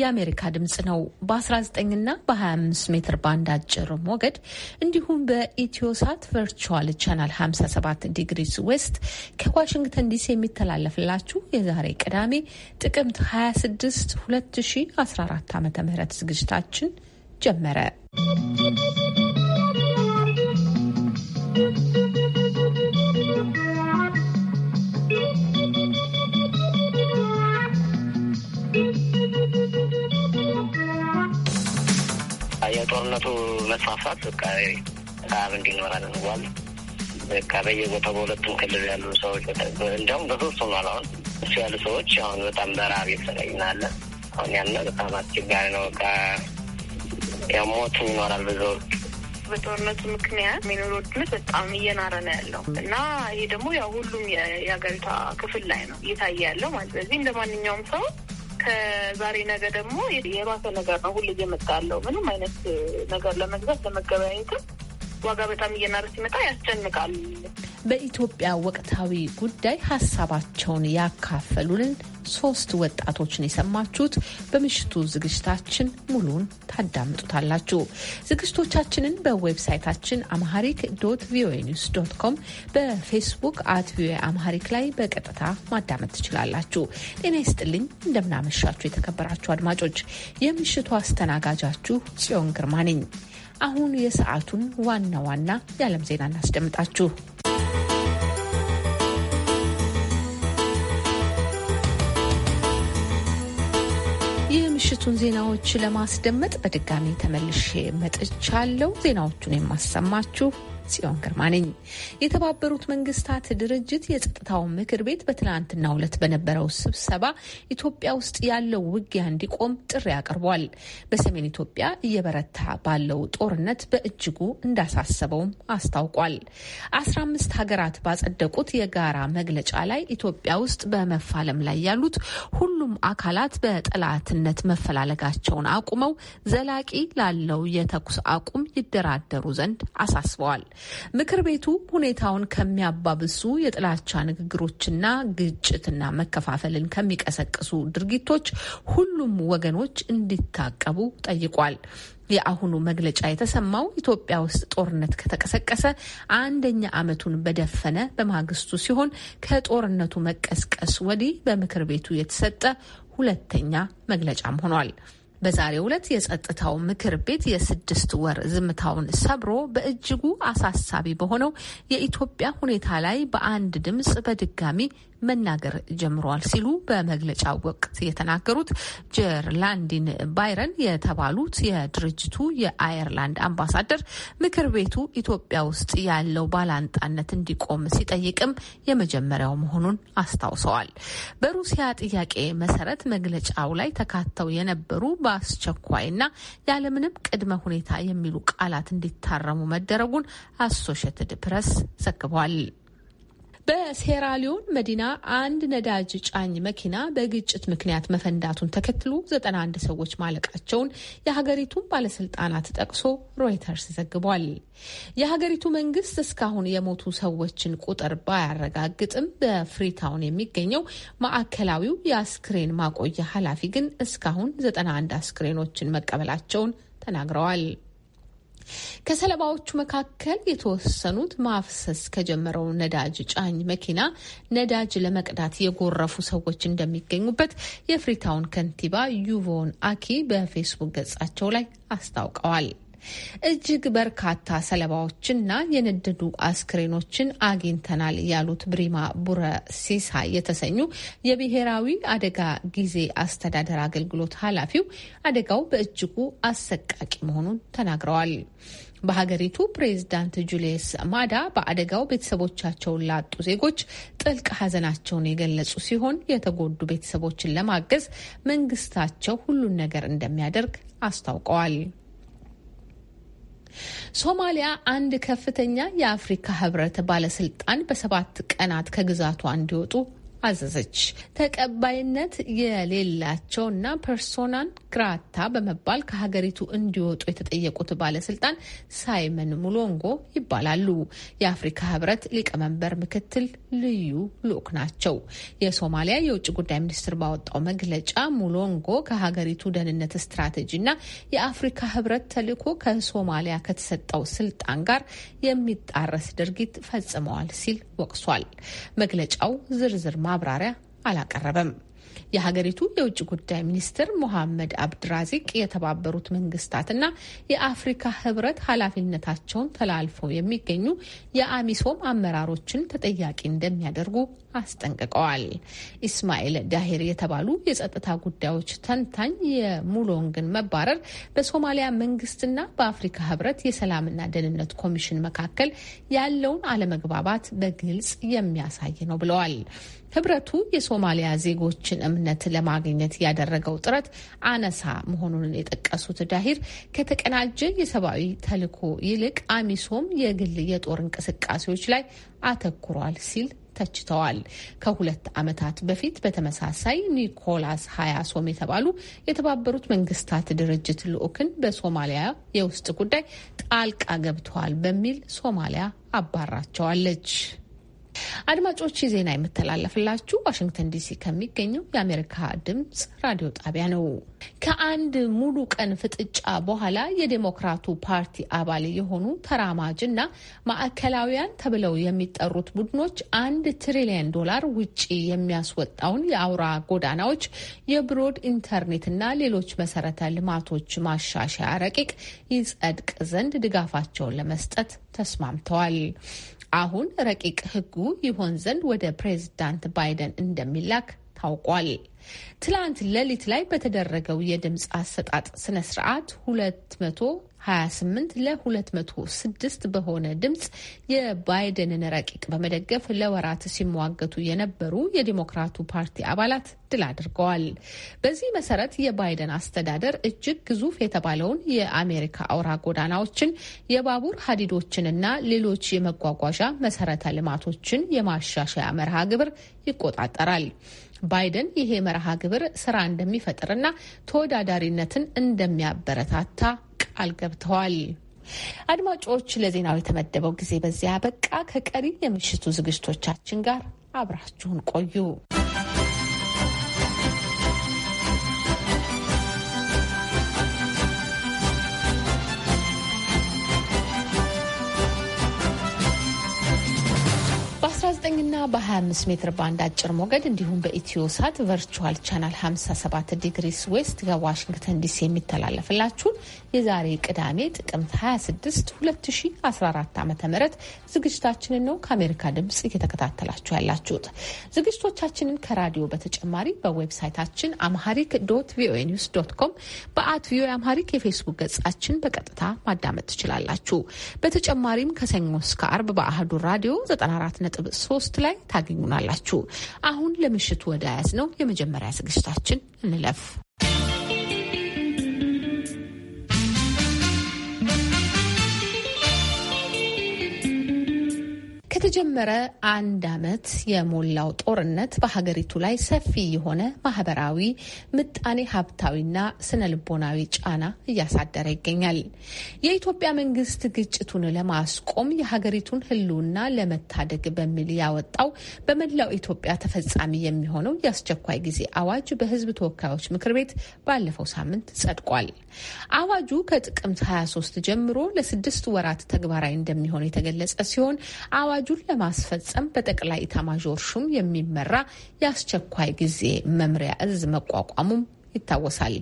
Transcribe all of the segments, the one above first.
የአሜሪካ ድምጽ ነው። በ19 እና በ25 ሜትር ባንድ አጭር ሞገድ እንዲሁም በኢትዮሳት ቨርቹዋል ቻናል 57 ዲግሪስ ዌስት ከዋሽንግተን ዲሲ የሚተላለፍላችሁ የዛሬ ቅዳሜ ጥቅምት 26 2014 ዓ ም ዝግጅታችን ጀመረ። የጦርነቱ መስፋፋት በቃ ረሀብ እንዲኖር አድርጓል። በቃ በየቦታው በሁለቱም ክልል ያሉ ሰዎች እንዲያውም በሶስቱም አሁን እሱ ያሉ ሰዎች አሁን በጣም በረሀብ የተሰቃይናለ። አሁን ያለ በጣም አስቸጋሪ ነው። በቃ ያው ሞትም ይኖራል ብዙ በጦርነቱ ምክንያት የኑሮ ውድነት በጣም እየናረ ነው ያለው እና ይሄ ደግሞ ያው ሁሉም የሀገሪቷ ክፍል ላይ ነው እየታየ ያለው ማለት። ስለዚህ እንደ ማንኛውም ሰው ከዛሬ ነገ ደግሞ የባሰ ነገር ነው ሁሉ እየመጣለው ምንም አይነት ነገር ለመግዛት ለመገበያየትም ዋጋ በጣም እየናረ ሲመጣ ያስጨንቃል። በኢትዮጵያ ወቅታዊ ጉዳይ ሀሳባቸውን ያካፈሉንን ሶስት ወጣቶችን የሰማችሁት። በምሽቱ ዝግጅታችን ሙሉን ታዳምጡታላችሁ። ዝግጅቶቻችንን በዌብሳይታችን አምሃሪክ ዶት ቪኦኤ ኒውስ ዶት ኮም፣ በፌስቡክ አት ቪኦኤ አምሃሪክ ላይ በቀጥታ ማዳመጥ ትችላላችሁ። ጤና ይስጥልኝ፣ እንደምናመሻችሁ የተከበራችሁ አድማጮች፣ የምሽቱ አስተናጋጃችሁ ጽዮን ግርማ ነኝ። አሁን የሰዓቱን ዋና ዋና የዓለም ዜና እናስደምጣችሁ። የምሽቱን ዜናዎች ለማስደመጥ በድጋሚ ተመልሼ መጥቻለሁ። ዜናዎቹን የማሰማችሁ ጽዮን ግርማ ነኝ። የተባበሩት መንግስታት ድርጅት የጸጥታው ምክር ቤት በትናንትናው ዕለት በነበረው ስብሰባ ኢትዮጵያ ውስጥ ያለው ውጊያ እንዲቆም ጥሪ አቅርቧል። በሰሜን ኢትዮጵያ እየበረታ ባለው ጦርነት በእጅጉ እንዳሳሰበውም አስታውቋል። አስራ አምስት ሀገራት ባጸደቁት የጋራ መግለጫ ላይ ኢትዮጵያ ውስጥ በመፋለም ላይ ያሉት ሁሉም አካላት በጠላትነት መፈላለጋቸውን አቁመው ዘላቂ ላለው የተኩስ አቁም ይደራደሩ ዘንድ አሳስበዋል። ምክር ቤቱ ሁኔታውን ከሚያባብሱ የጥላቻ ንግግሮችና ግጭትና መከፋፈልን ከሚቀሰቅሱ ድርጊቶች ሁሉም ወገኖች እንዲታቀቡ ጠይቋል። የአሁኑ መግለጫ የተሰማው ኢትዮጵያ ውስጥ ጦርነት ከተቀሰቀሰ አንደኛ ዓመቱን በደፈነ በማግስቱ ሲሆን ከጦርነቱ መቀስቀስ ወዲህ በምክር ቤቱ የተሰጠ ሁለተኛ መግለጫም ሆኗል። በዛሬው ዕለት የጸጥታው ምክር ቤት የስድስት ወር ዝምታውን ሰብሮ በእጅጉ አሳሳቢ በሆነው የኢትዮጵያ ሁኔታ ላይ በአንድ ድምፅ በድጋሚ መናገር ጀምረዋል ሲሉ በመግለጫው ወቅት የተናገሩት ጀርላንዲን ባይረን የተባሉት የድርጅቱ የአየርላንድ አምባሳደር ምክር ቤቱ ኢትዮጵያ ውስጥ ያለው ባላንጣነት እንዲቆም ሲጠይቅም የመጀመሪያው መሆኑን አስታውሰዋል። በሩሲያ ጥያቄ መሰረት መግለጫው ላይ ተካተው የነበሩ በአስቸኳይና ያለምንም ቅድመ ሁኔታ የሚሉ ቃላት እንዲታረሙ መደረጉን አሶሽትድ ፕሬስ ዘግቧል። በሴራሊዮን መዲና አንድ ነዳጅ ጫኝ መኪና በግጭት ምክንያት መፈንዳቱን ተከትሎ 91 ሰዎች ማለቃቸውን የሀገሪቱን ባለስልጣናት ጠቅሶ ሮይተርስ ዘግቧል። የሀገሪቱ መንግስት እስካሁን የሞቱ ሰዎችን ቁጥር ባያረጋግጥም በፍሪታውን የሚገኘው ማዕከላዊው የአስክሬን ማቆያ ኃላፊ ግን እስካሁን 91 አስክሬኖችን መቀበላቸውን ተናግረዋል። ከሰለባዎቹ መካከል የተወሰኑት ማፍሰስ ከጀመረው ነዳጅ ጫኝ መኪና ነዳጅ ለመቅዳት የጎረፉ ሰዎች እንደሚገኙበት የፍሪታውን ከንቲባ ዩቮን አኪ በፌስቡክ ገጻቸው ላይ አስታውቀዋል። እጅግ በርካታ ሰለባዎችና የነደዱ አስክሬኖችን አግኝተናል ያሉት ብሪማ ቡረ ሲሳ የተሰኙ የብሔራዊ አደጋ ጊዜ አስተዳደር አገልግሎት ኃላፊው አደጋው በእጅጉ አሰቃቂ መሆኑን ተናግረዋል። በሀገሪቱ ፕሬዚዳንት ጁልየስ ማዳ በአደጋው ቤተሰቦቻቸውን ላጡ ዜጎች ጥልቅ ሐዘናቸውን የገለጹ ሲሆን የተጎዱ ቤተሰቦችን ለማገዝ መንግስታቸው ሁሉን ነገር እንደሚያደርግ አስታውቀዋል። ሶማሊያ አንድ ከፍተኛ የአፍሪካ ህብረት ባለስልጣን በሰባት ቀናት ከግዛቷ እንዲወጡ አዘዘች። ተቀባይነት የሌላቸውና ፐርሶናን ግራታ በመባል ከሀገሪቱ እንዲወጡ የተጠየቁት ባለስልጣን ሳይመን ሙሎንጎ ይባላሉ። የአፍሪካ ህብረት ሊቀመንበር ምክትል ልዩ ልኡክ ናቸው። የሶማሊያ የውጭ ጉዳይ ሚኒስትር ባወጣው መግለጫ ሙሎንጎ ከሀገሪቱ ደህንነት ስትራቴጂና የአፍሪካ ህብረት ተልዕኮ ከሶማሊያ ከተሰጠው ስልጣን ጋር የሚጣረስ ድርጊት ፈጽመዋል ሲል ወቅሷል። መግለጫው ዝርዝር ማብራሪያ አላቀረበም። የሀገሪቱ የውጭ ጉዳይ ሚኒስትር ሞሐመድ አብድራዚቅ የተባበሩት መንግስታትና የአፍሪካ ህብረት ኃላፊነታቸውን ተላልፈው የሚገኙ የአሚሶም አመራሮችን ተጠያቂ እንደሚያደርጉ አስጠንቅቀዋል። ኢስማኤል ዳሂር የተባሉ የጸጥታ ጉዳዮች ተንታኝ የሙሎንግን መባረር በሶማሊያ መንግስትና በአፍሪካ ህብረት የሰላምና ደህንነት ኮሚሽን መካከል ያለውን አለመግባባት በግልጽ የሚያሳይ ነው ብለዋል። ህብረቱ የሶማሊያ ዜጎችን እምነት ለማግኘት ያደረገው ጥረት አነሳ መሆኑን የጠቀሱት ዳሂር ከተቀናጀ የሰብአዊ ተልዕኮ ይልቅ አሚሶም የግል የጦር እንቅስቃሴዎች ላይ አተኩሯል ሲል ተችተዋል። ከሁለት ዓመታት በፊት በተመሳሳይ ኒኮላስ ሶም የተባሉ የተባበሩት መንግስታት ድርጅት ልዑክን በሶማሊያ የውስጥ ጉዳይ ጣልቃ ገብተዋል በሚል ሶማሊያ አባራቸዋለች። አድማጮች ዜና የምተላለፍላችሁ ዋሽንግተን ዲሲ ከሚገኘው የአሜሪካ ድምጽ ራዲዮ ጣቢያ ነው። ከአንድ ሙሉ ቀን ፍጥጫ በኋላ የዴሞክራቱ ፓርቲ አባል የሆኑ ተራማጅና ማዕከላዊያን ተብለው የሚጠሩት ቡድኖች አንድ ትሪሊየን ዶላር ውጪ የሚያስወጣውን የአውራ ጎዳናዎች የብሮድ ኢንተርኔትና ሌሎች መሰረተ ልማቶች ማሻሻያ ረቂቅ ይጸድቅ ዘንድ ድጋፋቸውን ለመስጠት ተስማምተዋል። አሁን ረቂቅ ሕጉ ይሆን ዘንድ ወደ ፕሬዝዳንት ባይደን እንደሚላክ ታውቋል። ትላንት ሌሊት ላይ በተደረገው የድምፅ አሰጣጥ ስነ ስርዓት 228 ለ206 በሆነ ድምፅ የባይደንን ረቂቅ በመደገፍ ለወራት ሲሟገቱ የነበሩ የዲሞክራቱ ፓርቲ አባላት ድል አድርገዋል። በዚህ መሰረት የባይደን አስተዳደር እጅግ ግዙፍ የተባለውን የአሜሪካ አውራ ጎዳናዎችን፣ የባቡር ሀዲዶችንና ሌሎች የመጓጓዣ መሰረተ ልማቶችን የማሻሻያ መርሃ ግብር ይቆጣጠራል። ባይደን ይሄ መርሃ ግብር ስራ እንደሚፈጥርና ተወዳዳሪነትን እንደሚያበረታታ ቃል ገብተዋል። አድማጮች፣ ለዜናው የተመደበው ጊዜ በዚያ በቃ። ከቀሪ የምሽቱ ዝግጅቶቻችን ጋር አብራችሁን ቆዩ። በ19ና በ25 ሜትር ባንድ አጭር ሞገድ እንዲሁም በኢትዮ ሳት ቨርቹዋል ቻናል 57 ዲግሪስ ዌስት ከዋሽንግተን ዲሲ የሚተላለፍላችሁ የዛሬ ቅዳሜ ጥቅምት 26 2014 ዓ ም ዝግጅታችንን ነው ከአሜሪካ ድምፅ እየተከታተላችሁ ያላችሁት። ዝግጅቶቻችንን ከራዲዮ በተጨማሪ በዌብሳይታችን አምሃሪክ ዶት ቪኦኤ ኒውስ ዶት ኮም፣ በአት ቪኦኤ አምሃሪክ የፌስቡክ ገጻችን በቀጥታ ማዳመጥ ትችላላችሁ። በተጨማሪም ከሰኞ እስከ አርብ በአህዱ ራዲዮ 94.3 ሶስት ላይ ታገኙናላችሁ። አሁን ለምሽቱ ወደ ያዝ ነው የመጀመሪያ ዝግጅታችን እንለፍ። ከተጀመረ አንድ ዓመት የሞላው ጦርነት በሀገሪቱ ላይ ሰፊ የሆነ ማህበራዊ፣ ምጣኔ ሀብታዊና ስነ ልቦናዊ ጫና እያሳደረ ይገኛል። የኢትዮጵያ መንግስት ግጭቱን ለማስቆም የሀገሪቱን ሕልውና ለመታደግ በሚል ያወጣው በመላው ኢትዮጵያ ተፈጻሚ የሚሆነው የአስቸኳይ ጊዜ አዋጅ በሕዝብ ተወካዮች ምክር ቤት ባለፈው ሳምንት ጸድቋል። አዋጁ ከጥቅምት 23 ጀምሮ ለስድስት ወራት ተግባራዊ እንደሚሆን የተገለጸ ሲሆን አዋጁ አዋጁን ለማስፈጸም በጠቅላይ ኢታማዦር ሹም የሚመራ የአስቸኳይ ጊዜ መምሪያ እዝ መቋቋሙም ይታወሳል።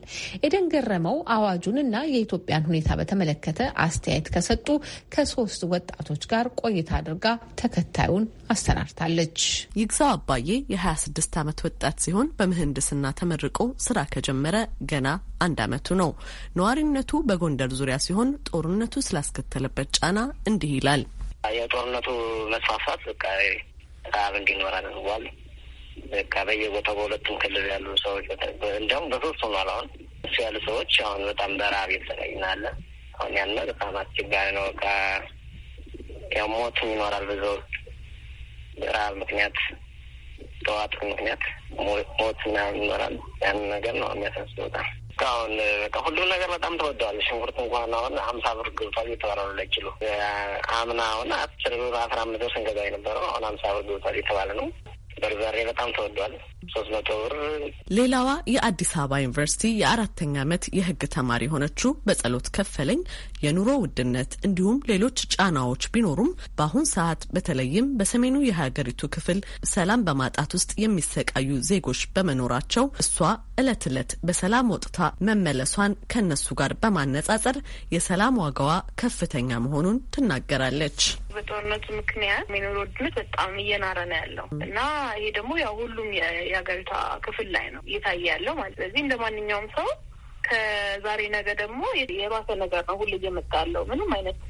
ኤደን ገረመው አዋጁንና የኢትዮጵያን ሁኔታ በተመለከተ አስተያየት ከሰጡ ከሶስት ወጣቶች ጋር ቆይታ አድርጋ ተከታዩን አሰናድታለች። ይግዛው አባዬ የ26 ዓመት ወጣት ሲሆን በምህንድስና ተመርቆ ስራ ከጀመረ ገና አንድ ዓመቱ ነው። ነዋሪነቱ በጎንደር ዙሪያ ሲሆን ጦርነቱ ስላስከተለበት ጫና እንዲህ ይላል። የጦርነቱ መስፋፋት በቃ ረሀብ እንዲኖር አድርጓል። በቃ በየቦታው በሁለቱም ክልል ያሉ ሰዎች እንዲሁም በሶስቱ ሆኗል። አሁን እሱ ያሉ ሰዎች አሁን በጣም በረሀብ የተሰቃይናለ። አሁን ያለ በጣም አስቸጋሪ ነው። በቃ ያው ሞትም ይኖራል በዛው በረሀብ ምክንያት ጠዋት ምክንያት ሞት ይኖራል። ያን ነገር ነው የሚያሳስበው በጣም እስካሁን በቃ ሁሉም ነገር በጣም ተወደዋል። ሽንኩርት እንኳን አሁን ሀምሳ ብር ገብቷል የተባለው ለኪሎ። አምና አሁን አስር ብር አስራ አምስት ብር ስንገዛ የነበረው አሁን ሀምሳ ብር ገብቷል የተባለ ነው። በርበሬ በጣም ተወዷል። ሶስት መቶ ብር። ሌላዋ የአዲስ አበባ ዩኒቨርሲቲ የአራተኛ ዓመት የህግ ተማሪ የሆነችው በጸሎት ከፈለኝ የኑሮ ውድነት እንዲሁም ሌሎች ጫናዎች ቢኖሩም በአሁን ሰዓት በተለይም በሰሜኑ የሀገሪቱ ክፍል ሰላም በማጣት ውስጥ የሚሰቃዩ ዜጎች በመኖራቸው እሷ እለት እለት በሰላም ወጥታ መመለሷን ከእነሱ ጋር በማነጻጸር የሰላም ዋጋዋ ከፍተኛ መሆኑን ትናገራለች። በጦርነቱ ምክንያት የኑሮ ውድነት በጣም እየናረ ነው ያለው እና ይሄ ደግሞ ያው ሁሉም የሀገሪቷ ክፍል ላይ ነው እየታየ ያለው ማለት ስለዚህ እንደ ማንኛውም ሰው ከዛሬ ነገ ደግሞ የባሰ ነገር ነው ሁሉ እየመጣ ያለው። ምንም አይነት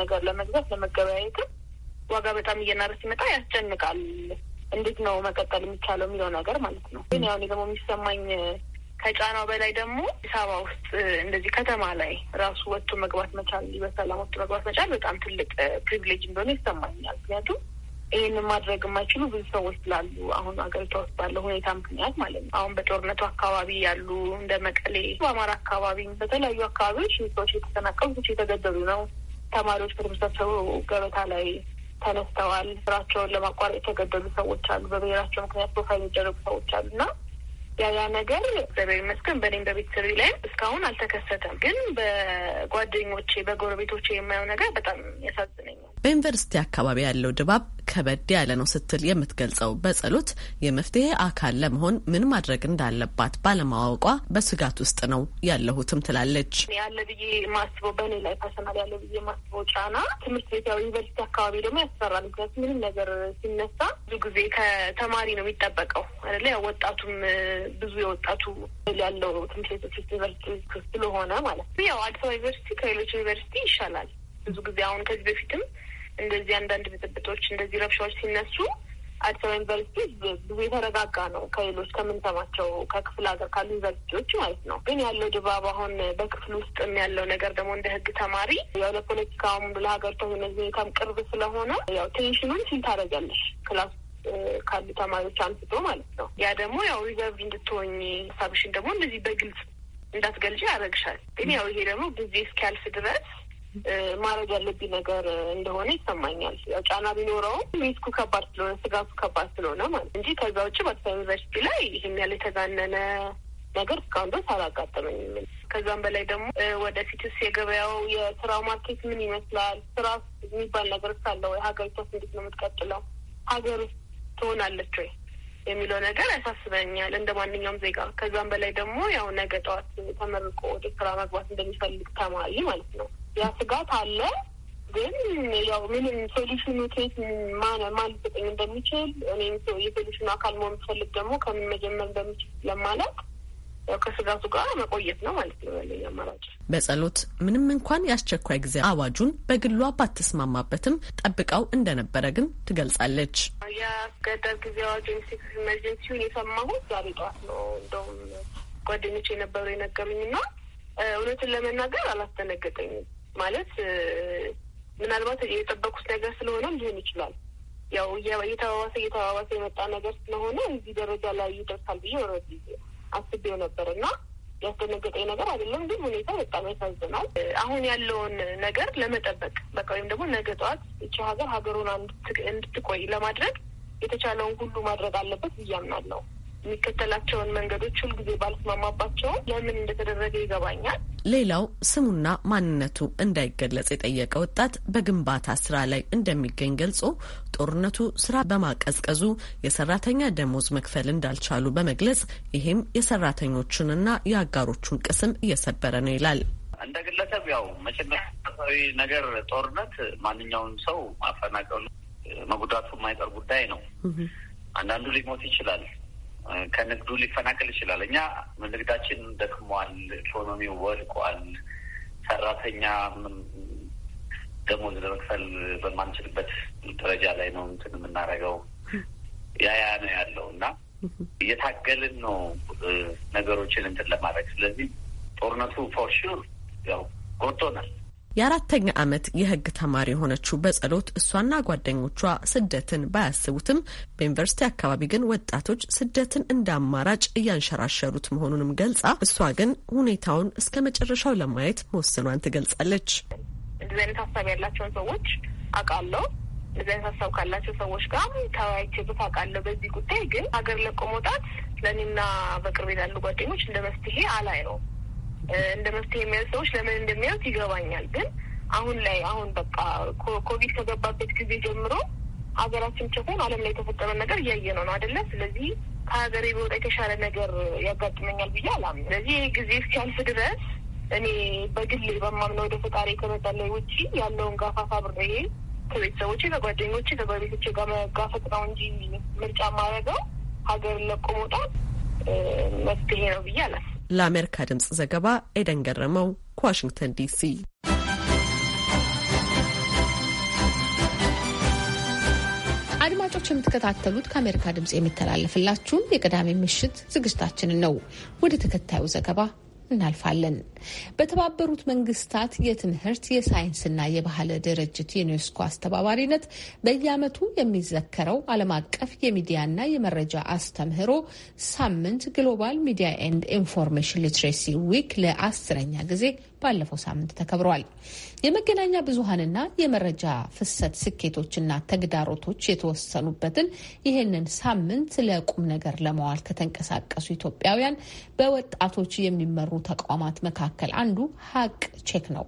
ነገር ለመግዛት ለመገበያየትም ዋጋ በጣም እየናረ ሲመጣ ያስጨንቃል። እንዴት ነው መቀጠል የሚቻለው የሚለው ነገር ማለት ነው። ግን ያው እኔ ደግሞ የሚሰማኝ ከጫናው በላይ ደግሞ አዲስ አበባ ውስጥ እንደዚህ ከተማ ላይ ራሱ ወጥቶ መግባት መቻል በሰላም ወጥቶ መግባት መቻል በጣም ትልቅ ፕሪቪሌጅ እንደሆነ ይሰማኛል። ምክንያቱም ይህንን ማድረግ የማይችሉ ብዙ ሰዎች ስላሉ አሁን አገሪቷ ውስጥ ባለው ሁኔታ ምክንያት ማለት ነው። አሁን በጦርነቱ አካባቢ ያሉ እንደ መቀሌ፣ በአማራ አካባቢ፣ በተለያዩ አካባቢዎች ሰዎች የተሰናቀሉ ሰዎች የተገደሉ ነው። ተማሪዎች ከተመሳሰሩ ገበታ ላይ ተነስተዋል። ስራቸውን ለማቋረጥ የተገደሉ ሰዎች አሉ። በብሔራቸው ምክንያት ፕሮፋይል የሚደረጉ ሰዎች አሉ እና ያያ ያ ነገር እግዚአብሔር ይመስገን በእኔም በቤተሰቤ ላይ እስካሁን አልተከሰተም። ግን በጓደኞቼ በጎረቤቶቼ የማየው ነገር በጣም ያሳዝነኛል። በዩኒቨርሲቲ አካባቢ ያለው ድባብ ከበድ ያለ ነው ስትል የምትገልጸው በጸሎት የመፍትሄ አካል ለመሆን ምን ማድረግ እንዳለባት ባለማወቋ በስጋት ውስጥ ነው ያለሁትም ትላለች። ያለ ብዬ ማስበው በእኔ ላይ ፐርሰናል ያለ ብዬ ማስበው ጫና ትምህርት ቤት ያው ዩኒቨርሲቲ አካባቢ ደግሞ ያስፈራል። ምክንያቱ ምንም ነገር ሲነሳ ብዙ ጊዜ ከተማሪ ነው የሚጠበቀው አይደለ? ያው ወጣቱም ብዙ የወጣቱ ያለው ትምህርት ቤቶች ውስጥ ዩኒቨርሲቲ ስለሆነ ማለት ነው ያው አዲስ አበባ ዩኒቨርሲቲ ከሌሎች ዩኒቨርሲቲ ይሻላል ብዙ ጊዜ አሁን ከዚህ በፊትም እንደዚህ አንዳንድ ብጥብጦች፣ እንደዚህ ረብሻዎች ሲነሱ አዲስ አበባ ዩኒቨርሲቲ ብዙ የተረጋጋ ነው ከሌሎች ከምንሰማቸው ከክፍል ሀገር ካሉ ዩኒቨርሲቲዎች ማለት ነው። ግን ያለው ድባብ አሁን በክፍል ውስጥም ያለው ነገር ደግሞ እንደ ህግ ተማሪ ያው ለፖለቲካውም ለሀገሪቷ ሁኔታም ቅርብ ስለሆነ ያው ቴንሽኑን ሲል ታደርጊያለሽ ክላስ ካሉ ተማሪዎች አንስቶ ማለት ነው። ያ ደግሞ ያው ሪዘርቭ እንድትሆኝ ሀሳብሽን ደግሞ እንደዚህ በግልጽ እንዳትገልጪ ያደርግሻል። ግን ያው ይሄ ደግሞ ጊዜ እስኪያልፍ ድረስ ማድረግ ያለብኝ ነገር እንደሆነ ይሰማኛል። ያው ጫና ቢኖረውም ሪስኩ ከባድ ስለሆነ ስጋቱ ከባድ ስለሆነ ማለት እንጂ ከዛ ውጭ በአዲስ አበባ ዩኒቨርሲቲ ላይ ይህን ያለ የተጋነነ ነገር እስካሁን ድረስ አላጋጠመኝም። ከዛም በላይ ደግሞ ወደፊትስ የገበያው የስራው ማርኬት ምን ይመስላል፣ ስራ የሚባል ነገር ካለ ወይ፣ ሀገሪቷስ እንዴት ነው የምትቀጥለው፣ ሀገር ውስጥ ትሆናለች ወይ የሚለው ነገር ያሳስበኛል እንደ ማንኛውም ዜጋ። ከዛም በላይ ደግሞ ያው ነገ ጠዋት ተመርቆ ወደ ስራ መግባት እንደሚፈልግ ተማሪ ማለት ነው ያ ስጋት አለ። ግን ያው ምንም ሶሉሽኑ ኬት ማን ሊሰጠኝ እንደሚችል እኔም የሶሉሽኑ አካል መሆን ፈልግ ደግሞ ከምን መጀመር እንደሚችል ስለማላውቅ ከስጋቱ ጋር መቆየት ነው ማለት ነው ያለኝ አማራጭ። በጸሎት ምንም እንኳን የአስቸኳይ ጊዜ አዋጁን በግሏ ባትስማማበትም ጠብቀው እንደነበረ ግን ትገልጻለች። የአስገዳጅ ጊዜ አዋጁ ሴክስ ኢመርጀንሲውን የሰማሁት ዛሬ ጠዋት ነው። እንደውም ጓደኞች የነበሩ የነገሩኝ እና እውነትን ለመናገር አላስደነገጠኝም ማለት ምናልባት የጠበቁት ነገር ስለሆነ ሊሆን ይችላል። ያው እየተባባሰ እየተባባሰ የመጣ ነገር ስለሆነ እዚህ ደረጃ ላይ ይደርሳል ብዬ ወረድ አስቤው ነበር እና ያስደነገጠኝ ነገር አይደለም፣ ግን ሁኔታ በጣም ያሳዝናል። አሁን ያለውን ነገር ለመጠበቅ በቃ ወይም ደግሞ ነገ ጠዋት እቺ ሀገር ሀገሩን እንድትቆይ ለማድረግ የተቻለውን ሁሉ ማድረግ አለበት ብዬ አምናለሁ። የሚከተላቸውን መንገዶች ሁልጊዜ ባልስማማባቸውም ለምን እንደተደረገ ይገባኛል። ሌላው ስሙና ማንነቱ እንዳይገለጽ የጠየቀ ወጣት በግንባታ ስራ ላይ እንደሚገኝ ገልጾ ጦርነቱ ስራ በማቀዝቀዙ የሰራተኛ ደሞዝ መክፈል እንዳልቻሉ በመግለጽ ይህም የሰራተኞቹንና የአጋሮቹን ቅስም እየሰበረ ነው ይላል። እንደ ግለሰብ ያው መጀመሪያ ነገር ጦርነት ማንኛውም ሰው ማፈናቀሉ መጉዳቱ የማይቀር ጉዳይ ነው። አንዳንዱ ሊሞት ይችላል። ከንግዱ ሊፈናቀል ይችላል። እኛ ንግዳችን ደክሟል፣ ኢኮኖሚው ወድቋል፣ ሰራተኛ ደሞዝ ለመክፈል በማንችልበት ደረጃ ላይ ነው እንትን የምናደርገው። ያያ ነው ያለው እና እየታገልን ነው ነገሮችን እንትን ለማድረግ። ስለዚህ ጦርነቱ ፎርሹር ያው ጎድቶናል። የአራተኛ ዓመት የህግ ተማሪ የሆነችው በጸሎት እሷና ጓደኞቿ ስደትን ባያስቡትም በዩኒቨርሲቲ አካባቢ ግን ወጣቶች ስደትን እንደ አማራጭ እያንሸራሸሩት መሆኑንም ገልጻ እሷ ግን ሁኔታውን እስከ መጨረሻው ለማየት መወሰኗን ትገልጻለች። እንደዚህ አይነት ሀሳብ ያላቸውን ሰዎች አውቃለሁ። እንደዚህ አይነት ሀሳብ ካላቸው ሰዎች ጋር ብት አውቃለሁ። በዚህ ጉዳይ ግን ሀገር ለቆ መውጣት ለእኔና በቅርቤ ላሉ ጓደኞች እንደ መፍትሄ አላይ ነው እንደ መፍትሄ የሚያዩት ሰዎች ለምን እንደሚያዩት ይገባኛል። ግን አሁን ላይ አሁን በቃ ኮቪድ ከገባበት ጊዜ ጀምሮ ሀገራችን ቸኮን ዓለም ላይ የተፈጠረ ነገር እያየ ነው ነው አደለ? ስለዚህ ከሀገሬ በወጣ የተሻለ ነገር ያጋጥመኛል ብዬ አላምንም። ስለዚህ ይህ ጊዜ እስኪያልፍ ድረስ እኔ በግሌ በማምነው ወደ ፈጣሪ ከመጣላይ ውጪ ያለውን ጋፋፋ ብሬ ከቤተሰቦቼ ከጓደኞቼ ከጎረቤቶቼ ጋር መጋፈጥ ነው እንጂ ምርጫ ማድረገው ሀገርን ለቆ መውጣት መፍትሄ ነው ብዬ አላስብም። ለአሜሪካ ድምጽ ዘገባ ኤደን ገረመው ከዋሽንግተን ዲሲ። አድማጮች የምትከታተሉት ከአሜሪካ ድምፅ የሚተላለፍላችሁን የቅዳሜ ምሽት ዝግጅታችንን ነው። ወደ ተከታዩ ዘገባ እናልፋለን። በተባበሩት መንግስታት የትምህርት የሳይንስና የባህል ድርጅት ዩኔስኮ አስተባባሪነት በየዓመቱ የሚዘከረው ዓለም አቀፍ የሚዲያና የመረጃ አስተምህሮ ሳምንት ግሎባል ሚዲያ ኤንድ ኢንፎርሜሽን ሊትሬሲ ዊክ ለአስረኛ ጊዜ ባለፈው ሳምንት ተከብሯል። የመገናኛ ብዙሀንና የመረጃ ፍሰት ስኬቶችና ተግዳሮቶች የተወሰኑበትን ይህንን ሳምንት ለቁም ነገር ለመዋል ከተንቀሳቀሱ ኢትዮጵያውያን በወጣቶች የሚመሩ ተቋማት መካከል አንዱ ሀቅ ቼክ ነው።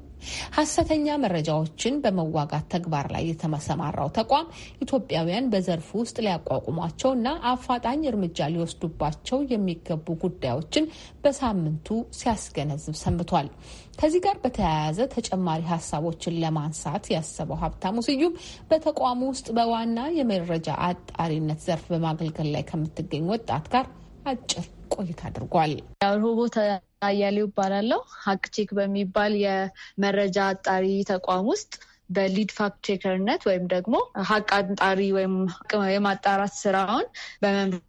ሀሰተኛ መረጃዎችን በመዋጋት ተግባር ላይ የተሰማራው ተቋም ኢትዮጵያውያን በዘርፉ ውስጥ እና አፋጣኝ እርምጃ ሊወስዱባቸው የሚገቡ ጉዳዮችን በሳምንቱ ሲያስገነዝብ ሰንብቷል። ከዚህ ጋር በተያያዘ ተጨማሪ ሀሳቦችን ለማንሳት ያሰበው ሀብታሙ ስዩም በተቋሙ ውስጥ በዋና የመረጃ አጣሪነት ዘርፍ በማገልገል ላይ ከምትገኝ ወጣት ጋር አጭር ቆይታ አድርጓል። ሮቦት አያሌው ይባላለሁ። ሀቅ በሚባል የመረጃ አጣሪ ተቋም ውስጥ በሊድ ፋክት ቼከርነት ወይም ደግሞ ሀቅ አንጣሪ ወይም የማጣራት ስራውን በመምራት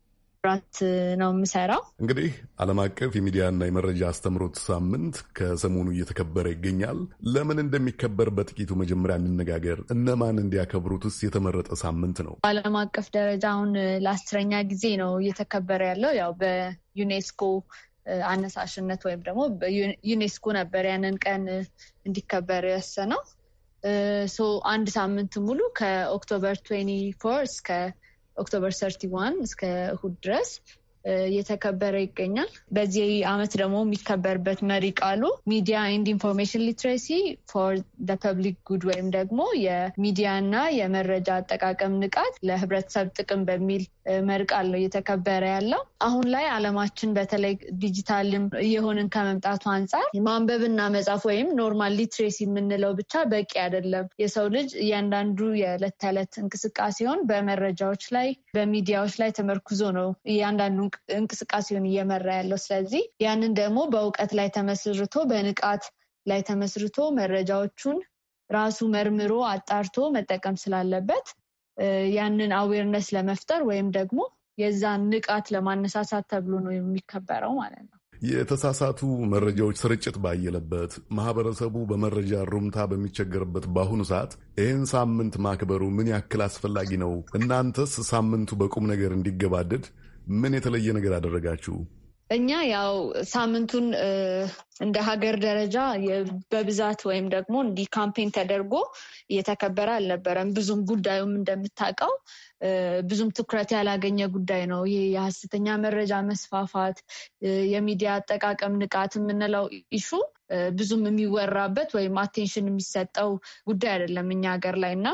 ራት ነው የምሰራው። እንግዲህ ዓለም አቀፍ የሚዲያና የመረጃ አስተምሮት ሳምንት ከሰሞኑ እየተከበረ ይገኛል። ለምን እንደሚከበር በጥቂቱ መጀመሪያ እንነጋገር። እነማን እንዲያከብሩትስ የተመረጠ ሳምንት ነው? በዓለም አቀፍ ደረጃ አሁን ለአስረኛ ጊዜ ነው እየተከበረ ያለው ያው በዩኔስኮ አነሳሽነት ወይም ደግሞ ዩኔስኮ ነበር ያንን ቀን እንዲከበር የወሰነው። አንድ ሳምንት ሙሉ ከኦክቶበር ትዌንቲ ፎር እስከ ኦክቶበር 31 እስከ እሁድ ድረስ እየተከበረ ይገኛል። በዚህ አመት ደግሞ የሚከበርበት መሪ ቃሉ ሚዲያ ኤንድ ኢንፎርሜሽን ሊትሬሲ ፎር ደ ፐብሊክ ጉድ ወይም ደግሞ የሚዲያና የመረጃ አጠቃቀም ንቃት ለህብረተሰብ ጥቅም በሚል መሪ ቃል ነው እየተከበረ ያለው። አሁን ላይ አለማችን በተለይ ዲጂታልም የሆንን ከመምጣቱ አንጻር ማንበብና መጻፍ ወይም ኖርማል ሊትሬሲ የምንለው ብቻ በቂ አይደለም። የሰው ልጅ እያንዳንዱ የዕለት ተዕለት እንቅስቃሴውን በመረጃዎች ላይ በሚዲያዎች ላይ ተመርኩዞ ነው እያንዳንዱ እንቅስቃሴውን እየመራ ያለው። ስለዚህ ያንን ደግሞ በእውቀት ላይ ተመስርቶ በንቃት ላይ ተመስርቶ መረጃዎቹን ራሱ መርምሮ አጣርቶ መጠቀም ስላለበት ያንን አዌርነስ ለመፍጠር ወይም ደግሞ የዛን ንቃት ለማነሳሳት ተብሎ ነው የሚከበረው ማለት ነው። የተሳሳቱ መረጃዎች ስርጭት ባየለበት ማህበረሰቡ በመረጃ ሩምታ በሚቸገርበት በአሁኑ ሰዓት ይህን ሳምንት ማክበሩ ምን ያክል አስፈላጊ ነው? እናንተስ ሳምንቱ በቁም ነገር እንዲገባደድ ምን የተለየ ነገር አደረጋችሁ? እኛ ያው ሳምንቱን እንደ ሀገር ደረጃ በብዛት ወይም ደግሞ እንዲህ ካምፔን ተደርጎ እየተከበረ አልነበረም። ብዙም ጉዳዩም እንደምታውቀው ብዙም ትኩረት ያላገኘ ጉዳይ ነው። ይህ የሀሰተኛ መረጃ መስፋፋት፣ የሚዲያ አጠቃቀም ንቃት የምንለው ኢሹ ብዙም የሚወራበት ወይም አቴንሽን የሚሰጠው ጉዳይ አይደለም እኛ ሀገር ላይ እና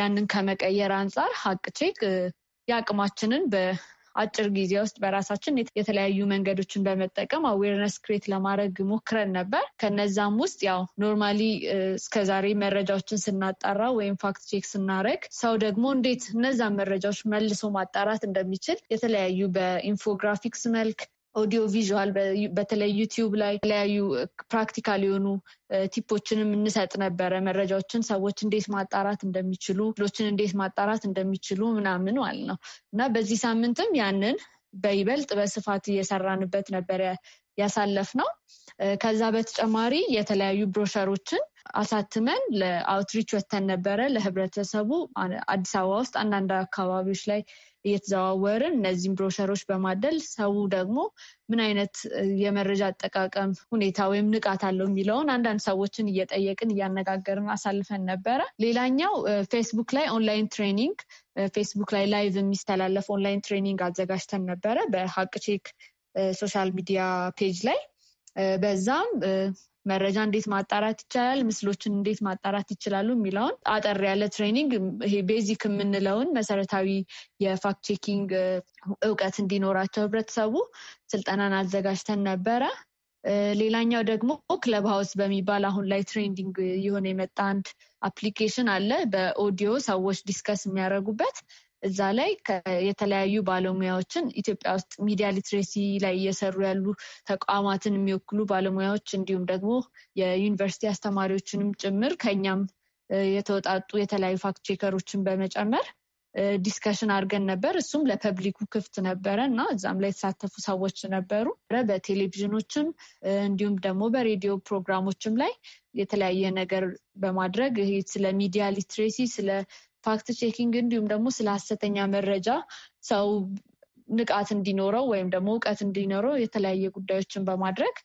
ያንን ከመቀየር አንጻር ሀቅ ቼክ የአቅማችንን አጭር ጊዜ ውስጥ በራሳችን የተለያዩ መንገዶችን በመጠቀም አዌርነስ ክሬት ለማድረግ ሞክረን ነበር። ከነዛም ውስጥ ያው ኖርማሊ እስከዛሬ መረጃዎችን ስናጣራ ወይም ፋክት ቼክ ስናደረግ ሰው ደግሞ እንዴት እነዛን መረጃዎች መልሶ ማጣራት እንደሚችል የተለያዩ በኢንፎግራፊክስ መልክ ኦዲዮ ቪዥዋል በተለይ ዩቲዩብ ላይ የተለያዩ ፕራክቲካል የሆኑ ቲፖችንም እንሰጥ ነበረ። መረጃዎችን ሰዎች እንዴት ማጣራት እንደሚችሉ፣ ሎችን እንዴት ማጣራት እንደሚችሉ ምናምን ማለት ነው እና በዚህ ሳምንትም ያንን በይበልጥ በስፋት እየሰራንበት ነበር ያሳለፍ ነው። ከዛ በተጨማሪ የተለያዩ ብሮሸሮችን አሳትመን ለአውትሪች ወተን ነበረ ለህብረተሰቡ አዲስ አበባ ውስጥ አንዳንድ አካባቢዎች ላይ እየተዘዋወርን እነዚህም ብሮሸሮች በማደል ሰው ደግሞ ምን አይነት የመረጃ አጠቃቀም ሁኔታ ወይም ንቃት አለው የሚለውን አንዳንድ ሰዎችን እየጠየቅን እያነጋገርን አሳልፈን ነበረ። ሌላኛው ፌስቡክ ላይ ኦንላይን ትሬኒንግ ፌስቡክ ላይ ላይቭ የሚስተላለፍ ኦንላይን ትሬኒንግ አዘጋጅተን ነበረ በሀቅ ቼክ ሶሻል ሚዲያ ፔጅ ላይ በዛም መረጃ እንዴት ማጣራት ይቻላል፣ ምስሎችን እንዴት ማጣራት ይችላሉ የሚለውን አጠር ያለ ትሬኒንግ ይሄ ቤዚክ የምንለውን መሰረታዊ የፋክት ቼኪንግ እውቀት እንዲኖራቸው ህብረተሰቡ ስልጠናን አዘጋጅተን ነበረ። ሌላኛው ደግሞ ክለብ ሀውስ በሚባል አሁን ላይ ትሬንዲንግ የሆነ የመጣ አንድ አፕሊኬሽን አለ። በኦዲዮ ሰዎች ዲስከስ የሚያደርጉበት እዛ ላይ የተለያዩ ባለሙያዎችን ኢትዮጵያ ውስጥ ሚዲያ ሊትሬሲ ላይ እየሰሩ ያሉ ተቋማትን የሚወክሉ ባለሙያዎች እንዲሁም ደግሞ የዩኒቨርሲቲ አስተማሪዎችንም ጭምር ከኛም የተወጣጡ የተለያዩ ፋክት ቼከሮችን በመጨመር ዲስከሽን አድርገን ነበር። እሱም ለፐብሊኩ ክፍት ነበረ እና እዛም ላይ የተሳተፉ ሰዎች ነበሩ። በቴሌቪዥኖችም እንዲሁም ደግሞ በሬዲዮ ፕሮግራሞችም ላይ የተለያየ ነገር በማድረግ ስለ ሚዲያ ሊትሬሲ ስለ ፋክት ቼኪንግ እንዲሁም ደግሞ ስለ ሀሰተኛ መረጃ ሰው ንቃት እንዲኖረው ወይም ደግሞ እውቀት እንዲኖረው የተለያየ ጉዳዮችን በማድረግ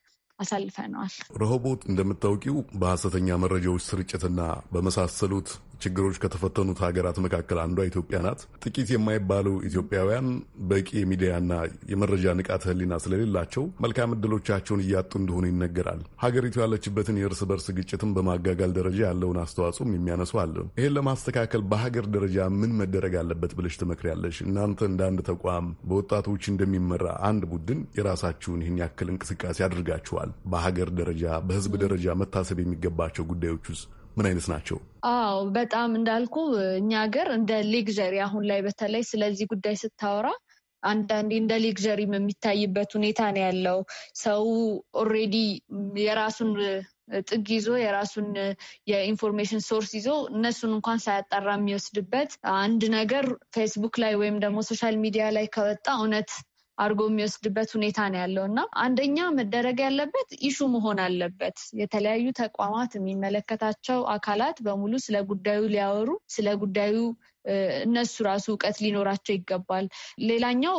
አሳልፈነዋል። ረሆቦት እንደምታውቂው በሀሰተኛ መረጃዎች ስርጭትና በመሳሰሉት ችግሮች ከተፈተኑት ሀገራት መካከል አንዷ ኢትዮጵያ ናት። ጥቂት የማይባሉ ኢትዮጵያውያን በቂ የሚዲያና የመረጃ ንቃተ ሕሊና ስለሌላቸው መልካም እድሎቻቸውን እያጡ እንደሆኑ ይነገራል። ሀገሪቱ ያለችበትን የእርስ በርስ ግጭትን በማጋጋል ደረጃ ያለውን አስተዋጽኦም የሚያነሱ አለ። ይህን ለማስተካከል በሀገር ደረጃ ምን መደረግ አለበት ብለሽ ትመክሪያለሽ? እናንተ እንደ አንድ ተቋም በወጣቶች እንደሚመራ አንድ ቡድን የራሳችሁን ይህን ያክል እንቅስቃሴ አድርጋችኋል። በሀገር ደረጃ በህዝብ ደረጃ መታሰብ የሚገባቸው ጉዳዮች ውስጥ ምን አይነት ናቸው? አዎ በጣም እንዳልኩ እኛ ሀገር እንደ ሌግዘሪ አሁን ላይ በተለይ ስለዚህ ጉዳይ ስታወራ አንዳንዴ እንደ ሌግዠሪም የሚታይበት ሁኔታ ነው ያለው። ሰው ኦሬዲ የራሱን ጥግ ይዞ የራሱን የኢንፎርሜሽን ሶርስ ይዞ እነሱን እንኳን ሳያጣራ የሚወስድበት አንድ ነገር ፌስቡክ ላይ ወይም ደግሞ ሶሻል ሚዲያ ላይ ከወጣ እውነት አድርጎ የሚወስድበት ሁኔታ ነው ያለው እና አንደኛ መደረግ ያለበት ኢሹ መሆን አለበት። የተለያዩ ተቋማት የሚመለከታቸው አካላት በሙሉ ስለ ጉዳዩ ሊያወሩ ስለ ጉዳዩ እነሱ ራሱ እውቀት ሊኖራቸው ይገባል። ሌላኛው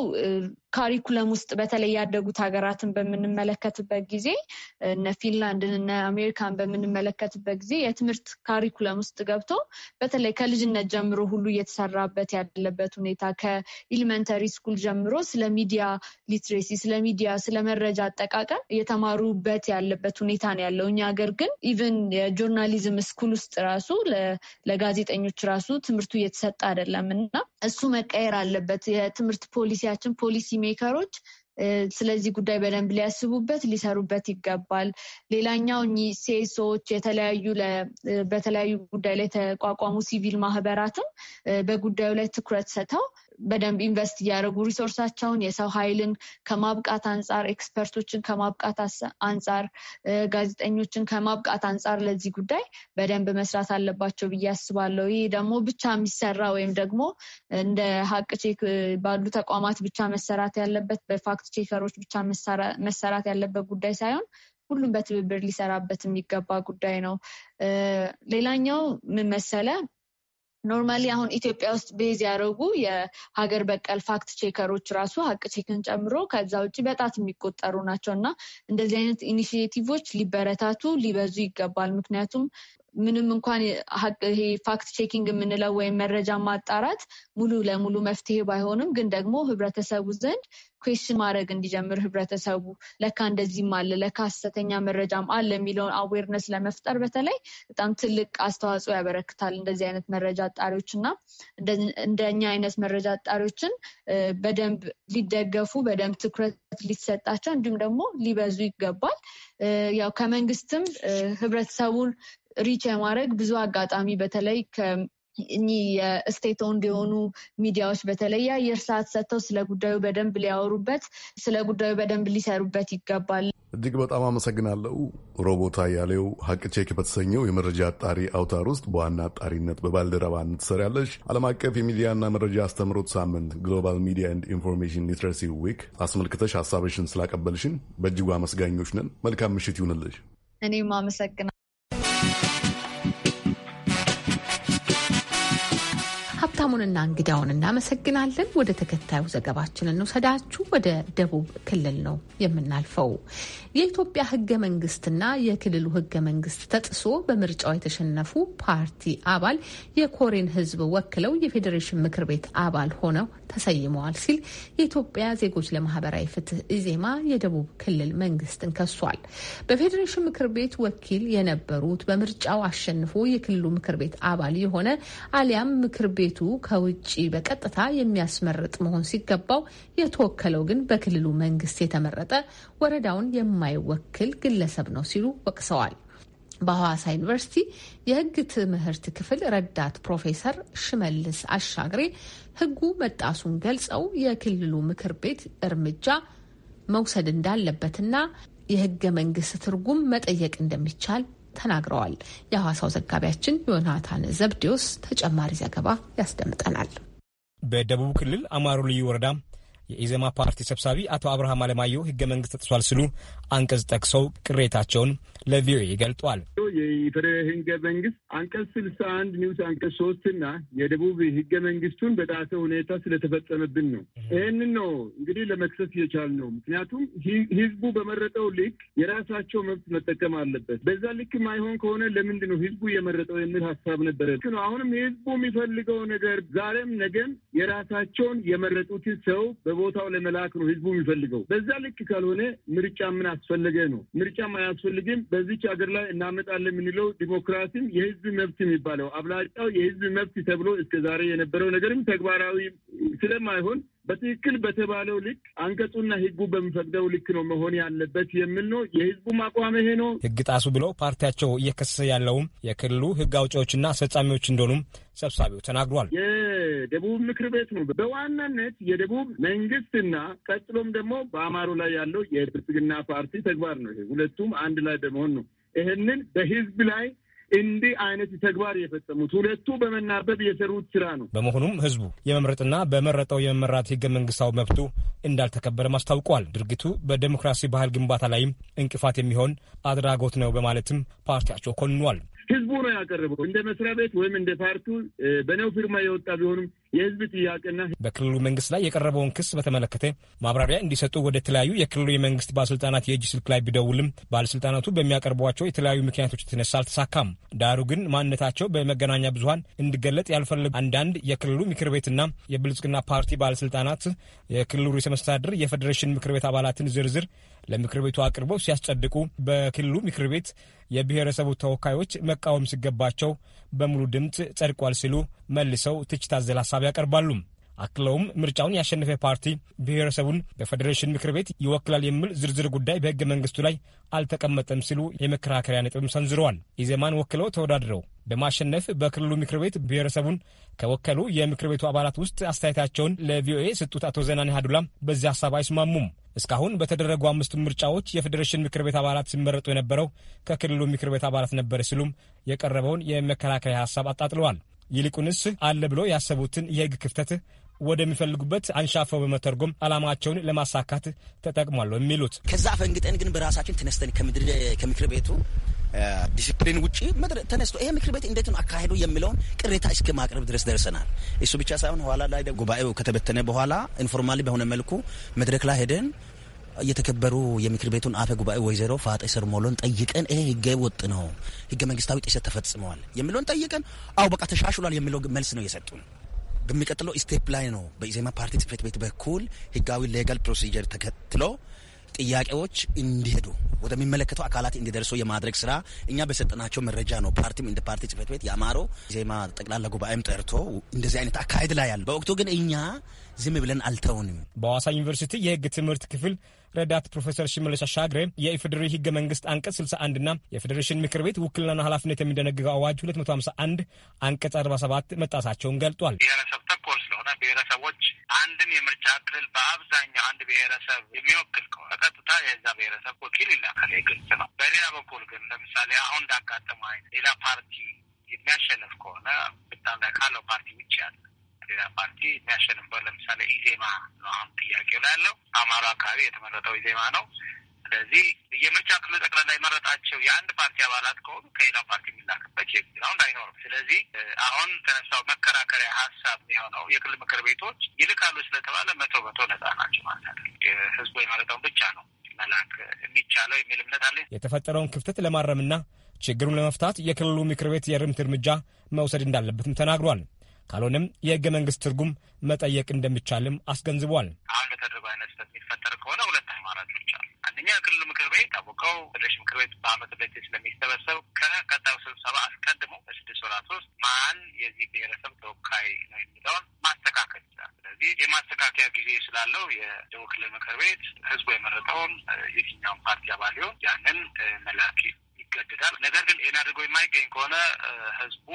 ካሪኩለም ውስጥ በተለይ ያደጉት ሀገራትን በምንመለከትበት ጊዜ እነ ፊንላንድን እነ አሜሪካን በምንመለከትበት ጊዜ የትምህርት ካሪኩለም ውስጥ ገብቶ በተለይ ከልጅነት ጀምሮ ሁሉ እየተሰራበት ያለበት ሁኔታ ከኢሊመንተሪ ስኩል ጀምሮ ስለ ሚዲያ ሊትሬሲ፣ ስለ ሚዲያ፣ ስለ መረጃ አጠቃቀም እየተማሩበት ያለበት ሁኔታ ነው ያለው። እኛ ሀገር ግን ኢቨን የጆርናሊዝም ስኩል ውስጥ ራሱ ለጋዜጠኞች ራሱ ትምህርቱ እየተሰጠ አይደለም እና እሱ መቀየር አለበት። የትምህርት ፖሊሲያችን ፖሊሲ ሜከሮች ስለዚህ ጉዳይ በደንብ ሊያስቡበት ሊሰሩበት ይገባል። ሌላኛው ሴሶች የተለያዩ በተለያዩ ጉዳይ ላይ የተቋቋሙ ሲቪል ማህበራትም በጉዳዩ ላይ ትኩረት ሰጥተው በደንብ ኢንቨስት እያደረጉ ሪሶርሳቸውን የሰው ኃይልን ከማብቃት አንጻር፣ ኤክስፐርቶችን ከማብቃት አንጻር፣ ጋዜጠኞችን ከማብቃት አንጻር ለዚህ ጉዳይ በደንብ መስራት አለባቸው ብዬ አስባለሁ። ይህ ደግሞ ብቻ የሚሰራ ወይም ደግሞ እንደ ሀቅ ቼክ ባሉ ተቋማት ብቻ መሰራት ያለበት በፋክት ቼከሮች ብቻ መሰራት ያለበት ጉዳይ ሳይሆን ሁሉም በትብብር ሊሰራበት የሚገባ ጉዳይ ነው። ሌላኛው ምን መሰለ ኖርማሊ አሁን ኢትዮጵያ ውስጥ ቤዝ ያደረጉ የሀገር በቀል ፋክት ቼከሮች ራሱ ሀቅ ቼክን ጨምሮ ከዛ ውጭ በጣት የሚቆጠሩ ናቸው እና እንደዚህ አይነት ኢኒሽቲቮች ሊበረታቱ ሊበዙ ይገባል። ምክንያቱም ምንም እንኳን ይሄ ፋክት ቼኪንግ የምንለው ወይም መረጃ ማጣራት ሙሉ ለሙሉ መፍትሄ ባይሆንም ግን ደግሞ ህብረተሰቡ ዘንድ ኩዌስችን ማድረግ እንዲጀምር ህብረተሰቡ ለካ እንደዚህም አለ ለካ ሀሰተኛ መረጃም አለ የሚለውን አዌርነስ ለመፍጠር በተለይ በጣም ትልቅ አስተዋጽኦ ያበረክታል። እንደዚህ አይነት መረጃ አጣሪዎች እና እንደኛ አይነት መረጃ አጣሪዎችን በደንብ ሊደገፉ በደንብ ትኩረት ሊሰጣቸው እንዲሁም ደግሞ ሊበዙ ይገባል። ያው ከመንግስትም ህብረተሰቡን ሪች የማድረግ ብዙ አጋጣሚ በተለይ እኚህ የስቴት ኦንድ የሆኑ ሚዲያዎች በተለይ የአየር ሰዓት ሰጥተው ስለ ጉዳዩ በደንብ ሊያወሩበት፣ ስለ ጉዳዩ በደንብ ሊሰሩበት ይገባል። እጅግ በጣም አመሰግናለሁ። ሮቦት አያሌው ሀቅ ቼክ በተሰኘው የመረጃ አጣሪ አውታር ውስጥ በዋና አጣሪነት በባልደረባነት ትሰሪያለሽ። ዓለም አቀፍ የሚዲያና መረጃ አስተምሮት ሳምንት ግሎባል ሚዲያ ኤንድ ኢንፎርሜሽን ሊትረሲ ዊክ አስመልክተሽ ሀሳብሽን ስላቀበልሽን በእጅጉ አመስጋኞች ነን። መልካም ምሽት ይሁንልሽ። እኔም አመሰግናለሁ። ሀብታሙንና እንግዳውን እናመሰግናለን። ወደ ተከታዩ ዘገባችን እንውሰዳችሁ። ወደ ደቡብ ክልል ነው የምናልፈው። የኢትዮጵያ ህገ መንግስትና የክልሉ ህገ መንግስት ተጥሶ በምርጫው የተሸነፉ ፓርቲ አባል የኮሬን ህዝብ ወክለው የፌዴሬሽን ምክር ቤት አባል ሆነው ተሰይመዋል ሲል የኢትዮጵያ ዜጎች ለማህበራዊ ፍትህ ኢዜማ የደቡብ ክልል መንግስትን ከሷል። በፌዴሬሽን ምክር ቤት ወኪል የነበሩት በምርጫው አሸንፎ የክልሉ ምክር ቤት አባል የሆነ አሊያም ምክር ቤቱ ከውጭ በቀጥታ የሚያስመርጥ መሆን ሲገባው የተወከለው ግን በክልሉ መንግስት የተመረጠ ወረዳውን የማይወክል ግለሰብ ነው ሲሉ ወቅሰዋል። በሐዋሳ ዩኒቨርሲቲ የህግ ትምህርት ክፍል ረዳት ፕሮፌሰር ሽመልስ አሻግሬ ሕጉ መጣሱን ገልጸው የክልሉ ምክር ቤት እርምጃ መውሰድ እንዳለበትና የህገ መንግስት ትርጉም መጠየቅ እንደሚቻል ተናግረዋል። የሐዋሳው ዘጋቢያችን ዮናታን ዘብዴዎስ ተጨማሪ ዘገባ ያስደምጠናል። በደቡብ ክልል አማሮ ልዩ ወረዳ የኢዜማ ፓርቲ ሰብሳቢ አቶ አብርሃም አለማየሁ ህገ መንግስት ተጥሷል ሲሉ አንቀጽ ጠቅሰው ቅሬታቸውን ለቪኦኤ ገልጧል። የኢፌዴሪ ህገ መንግስት አንቀጽ ስልሳ አንድ ንዑስ አንቀጽ ሶስትና የደቡብ ህገ መንግስቱን በጣሰ ሁኔታ ስለተፈጸመብን ነው። ይህንን ነው እንግዲህ ለመክሰስ ነው። ምክንያቱም ህዝቡ በመረጠው ልክ የራሳቸው መብት መጠቀም አለበት። በዛ ልክ ማይሆን ከሆነ ለምንድን ነው ህዝቡ የመረጠው የሚል ሀሳብ ነበረ ነው። አሁንም ህዝቡ የሚፈልገው ነገር ዛሬም ነገም የራሳቸውን የመረጡትን ሰው በቦታው ለመላክ ነው ህዝቡ የሚፈልገው። በዛ ልክ ካልሆነ ምርጫ ምን አስፈለገ ነው? ምርጫም አያስፈልግም። በዚች ሀገር ላይ እናመጣለን የምንለው ዲሞክራሲም የህዝብ መብት የሚባለው አብላጫው የህዝብ መብት ተብሎ እስከዛሬ የነበረው ነገርም ተግባራዊ ስለማይሆን በትክክል በተባለው ልክ አንቀጹና ህጉ በሚፈቅደው ልክ ነው መሆን ያለበት የሚል ነው። የህዝቡ አቋም ይሄ ነው። ህግ ጣሱ ብለው ፓርቲያቸው እየከሰሰ ያለውም የክልሉ ህግ አውጪዎችና አስፈጻሚዎች እንደሆኑም ሰብሳቢው ተናግሯል። የደቡብ ምክር ቤት ነው በዋናነት የደቡብ መንግስትና ቀጥሎም ደግሞ በአማሮ ላይ ያለው የብልጽግና ፓርቲ ተግባር ነው። ሁለቱም አንድ ላይ በመሆን ነው ይህንን በህዝብ ላይ እንዲህ አይነት ተግባር የፈጸሙት ሁለቱ በመናበብ የሰሩት ስራ ነው። በመሆኑም ህዝቡ የመምረጥና በመረጠው የመመራት ህገ መንግስታዊ መብቱ እንዳልተከበረም አስታውቋል። ድርጊቱ በዴሞክራሲ ባህል ግንባታ ላይም እንቅፋት የሚሆን አድራጎት ነው በማለትም ፓርቲያቸው ኮንኗል። ህዝቡ ነው ያቀረበው። እንደ መስሪያ ቤት ወይም እንደ ፓርቲው በነው ፊርማ የወጣ ቢሆንም የህዝብ ጥያቄና በክልሉ መንግስት ላይ የቀረበውን ክስ በተመለከተ ማብራሪያ እንዲሰጡ ወደ ተለያዩ የክልሉ የመንግስት ባለስልጣናት የእጅ ስልክ ላይ ቢደውልም ባለስልጣናቱ በሚያቀርቧቸው የተለያዩ ምክንያቶች የተነሳ አልተሳካም። ዳሩ ግን ማንነታቸው በመገናኛ ብዙሀን እንዲገለጥ ያልፈለጉ አንዳንድ የክልሉ ምክር ቤትና የብልጽግና ፓርቲ ባለስልጣናት የክልሉ ርዕሰ መስተዳድር የፌዴሬሽን ምክር ቤት አባላትን ዝርዝር ለምክር ቤቱ አቅርበው ሲያስጸድቁ በክልሉ ምክር ቤት የብሔረሰቡ ተወካዮች መቃወም ሲገባቸው በሙሉ ድምፅ ጸድቋል ሲሉ መልሰው ትችት አዘል ሀሳብ ያቀርባሉ። አክለውም ምርጫውን ያሸነፈ ፓርቲ ብሔረሰቡን በፌዴሬሽን ምክር ቤት ይወክላል የሚል ዝርዝር ጉዳይ በሕገ መንግስቱ ላይ አልተቀመጠም ሲሉ የመከራከሪያ ነጥብም ሰንዝረዋል። ኢዜማን ወክለው ተወዳድረው በማሸነፍ በክልሉ ምክር ቤት ብሔረሰቡን ከወከሉ የምክር ቤቱ አባላት ውስጥ አስተያየታቸውን ለቪኦኤ ስጡት አቶ ዘናኔ ሀዱላም በዚህ ሀሳብ አይስማሙም። እስካሁን በተደረጉ አምስቱ ምርጫዎች የፌዴሬሽን ምክር ቤት አባላት ሲመረጡ የነበረው ከክልሉ ምክር ቤት አባላት ነበር ሲሉም የቀረበውን የመከላከያ ሀሳብ አጣጥለዋል። ይልቁንስ አለ ብሎ ያሰቡትን የህግ ክፍተት ወደሚፈልጉበት አንሻፈው በመተርጎም አላማቸውን ለማሳካት ተጠቅሟል የሚሉት ከዛ ፈንግጠን ግን በራሳችን ተነስተን ከምክር ቤቱ ዲሲፕሊን ውጭ ተነስቶ ይሄ ምክር ቤት እንዴት ነው አካሄዱ የሚለውን ቅሬታ እስከ ማቅረብ ድረስ ደርሰናል። እሱ ብቻ ሳይሆን ኋላ ላይ ጉባኤው ከተበተነ በኋላ ኢንፎርማሊ በሆነ መልኩ መድረክ ላይ ሄደን የተከበሩ የምክር ቤቱን አፈ ጉባኤ ወይዘሮ ፋጤ ሰርሞሎን ጠይቀን ይሄ ህገ ወጥ ነው፣ ህገ መንግስታዊ ጥሰት ተፈጽመዋል የሚለውን ጠይቀን አው በቃ ተሻሽሏል የሚለው መልስ ነው የሰጡን። በሚቀጥለው ስቴፕ ላይ ነው በኢዜማ ፓርቲ ጽህፈት ቤት በኩል ህጋዊ ሌጋል ፕሮሲጀር ተከትሎ ጥያቄዎች እንዲሄዱ ወደሚመለከተው አካላት እንዲደርሱ የማድረግ ስራ እኛ በሰጠናቸው መረጃ ነው። ፓርቲም እንደ ፓርቲ ጽህፈት ቤት የአማሮ ዜማ ጠቅላላ ጉባኤም ጠርቶ እንደዚህ አይነት አካሄድ ላይ ያለ በወቅቱ ግን እኛ ዝም ብለን አልተውንም። በሐዋሳ ዩኒቨርሲቲ የህግ ትምህርት ክፍል ረዳት ፕሮፌሰር ሽመለስ አሻግሬ የኢፌዴሪ ህገ መንግስት አንቀጽ 61 ና የፌዴሬሽን ምክር ቤት ውክልናና ኃላፊነት የሚደነግገው አዋጅ 251 አንቀጽ 47 መጣሳቸውን ገልጧል። ብሔረሰብ ተኮር ስለሆነ ብሔረሰቦች አንድን የምርጫ ክልል በአብዛኛው አንድ ብሔረሰብ የሚወክል ከሆነ ቀጥታ የዛ ብሔረሰብ ወኪል ይላካል። ግልጽ ነው። በሌላ በኩል ግን ለምሳሌ አሁን እንዳጋጠመ አይነት ሌላ ፓርቲ የሚያሸንፍ ከሆነ ብታም ላይ ካለው ፓርቲ ውጭ ያለ ሌላ ፓርቲ የሚያሸንፈው ለምሳሌ ኢዜማ ነው። አሁን ጥያቄው ላይ ያለው አማራ አካባቢ የተመረጠው ኢዜማ ነው። ስለዚህ የምርጫ ክልል ጠቅላላ የመረጣቸው የአንድ ፓርቲ አባላት ከሆኑ ከሌላው ፓርቲ የሚላክበት ቼክግራውንድ አይኖርም። ስለዚህ አሁን ተነሳው መከራከሪያ ሀሳብ የሆነው የክልል ምክር ቤቶች ይልካሉ ስለተባለ መቶ መቶ ነጻ ናቸው ማለት አይደለም። ህዝቡ የመረጠውን ብቻ ነው መላክ የሚቻለው የሚል እምነት አለ። የተፈጠረውን ክፍተት ለማረምና ችግሩን ለመፍታት የክልሉ ምክር ቤት የርምት እርምጃ መውሰድ እንዳለበትም ተናግሯል። ካልሆነም የህገ መንግስት ትርጉም መጠየቅ እንደሚቻልም አስገንዝቧል። እንደምታውቀው ፌዴሬሽን ምክር ቤት በአመት ሁለቴ ስለሚሰበሰብ ከቀጣዩ ስብሰባ አስቀድሞ በስድስት ወራት ውስጥ ማን የዚህ ብሔረሰብ ተወካይ ነው የሚለውን ማስተካከል ይችላል። ስለዚህ የማስተካከያ ጊዜ ስላለው የደቡብ ክልል ምክር ቤት ህዝቡ የመረጠውን የትኛውን ፓርቲ አባል ይሆን ያንን መላክ ይገደዳል። ነገር ግን ይህን አድርጎ የማይገኝ ከሆነ ህዝቡ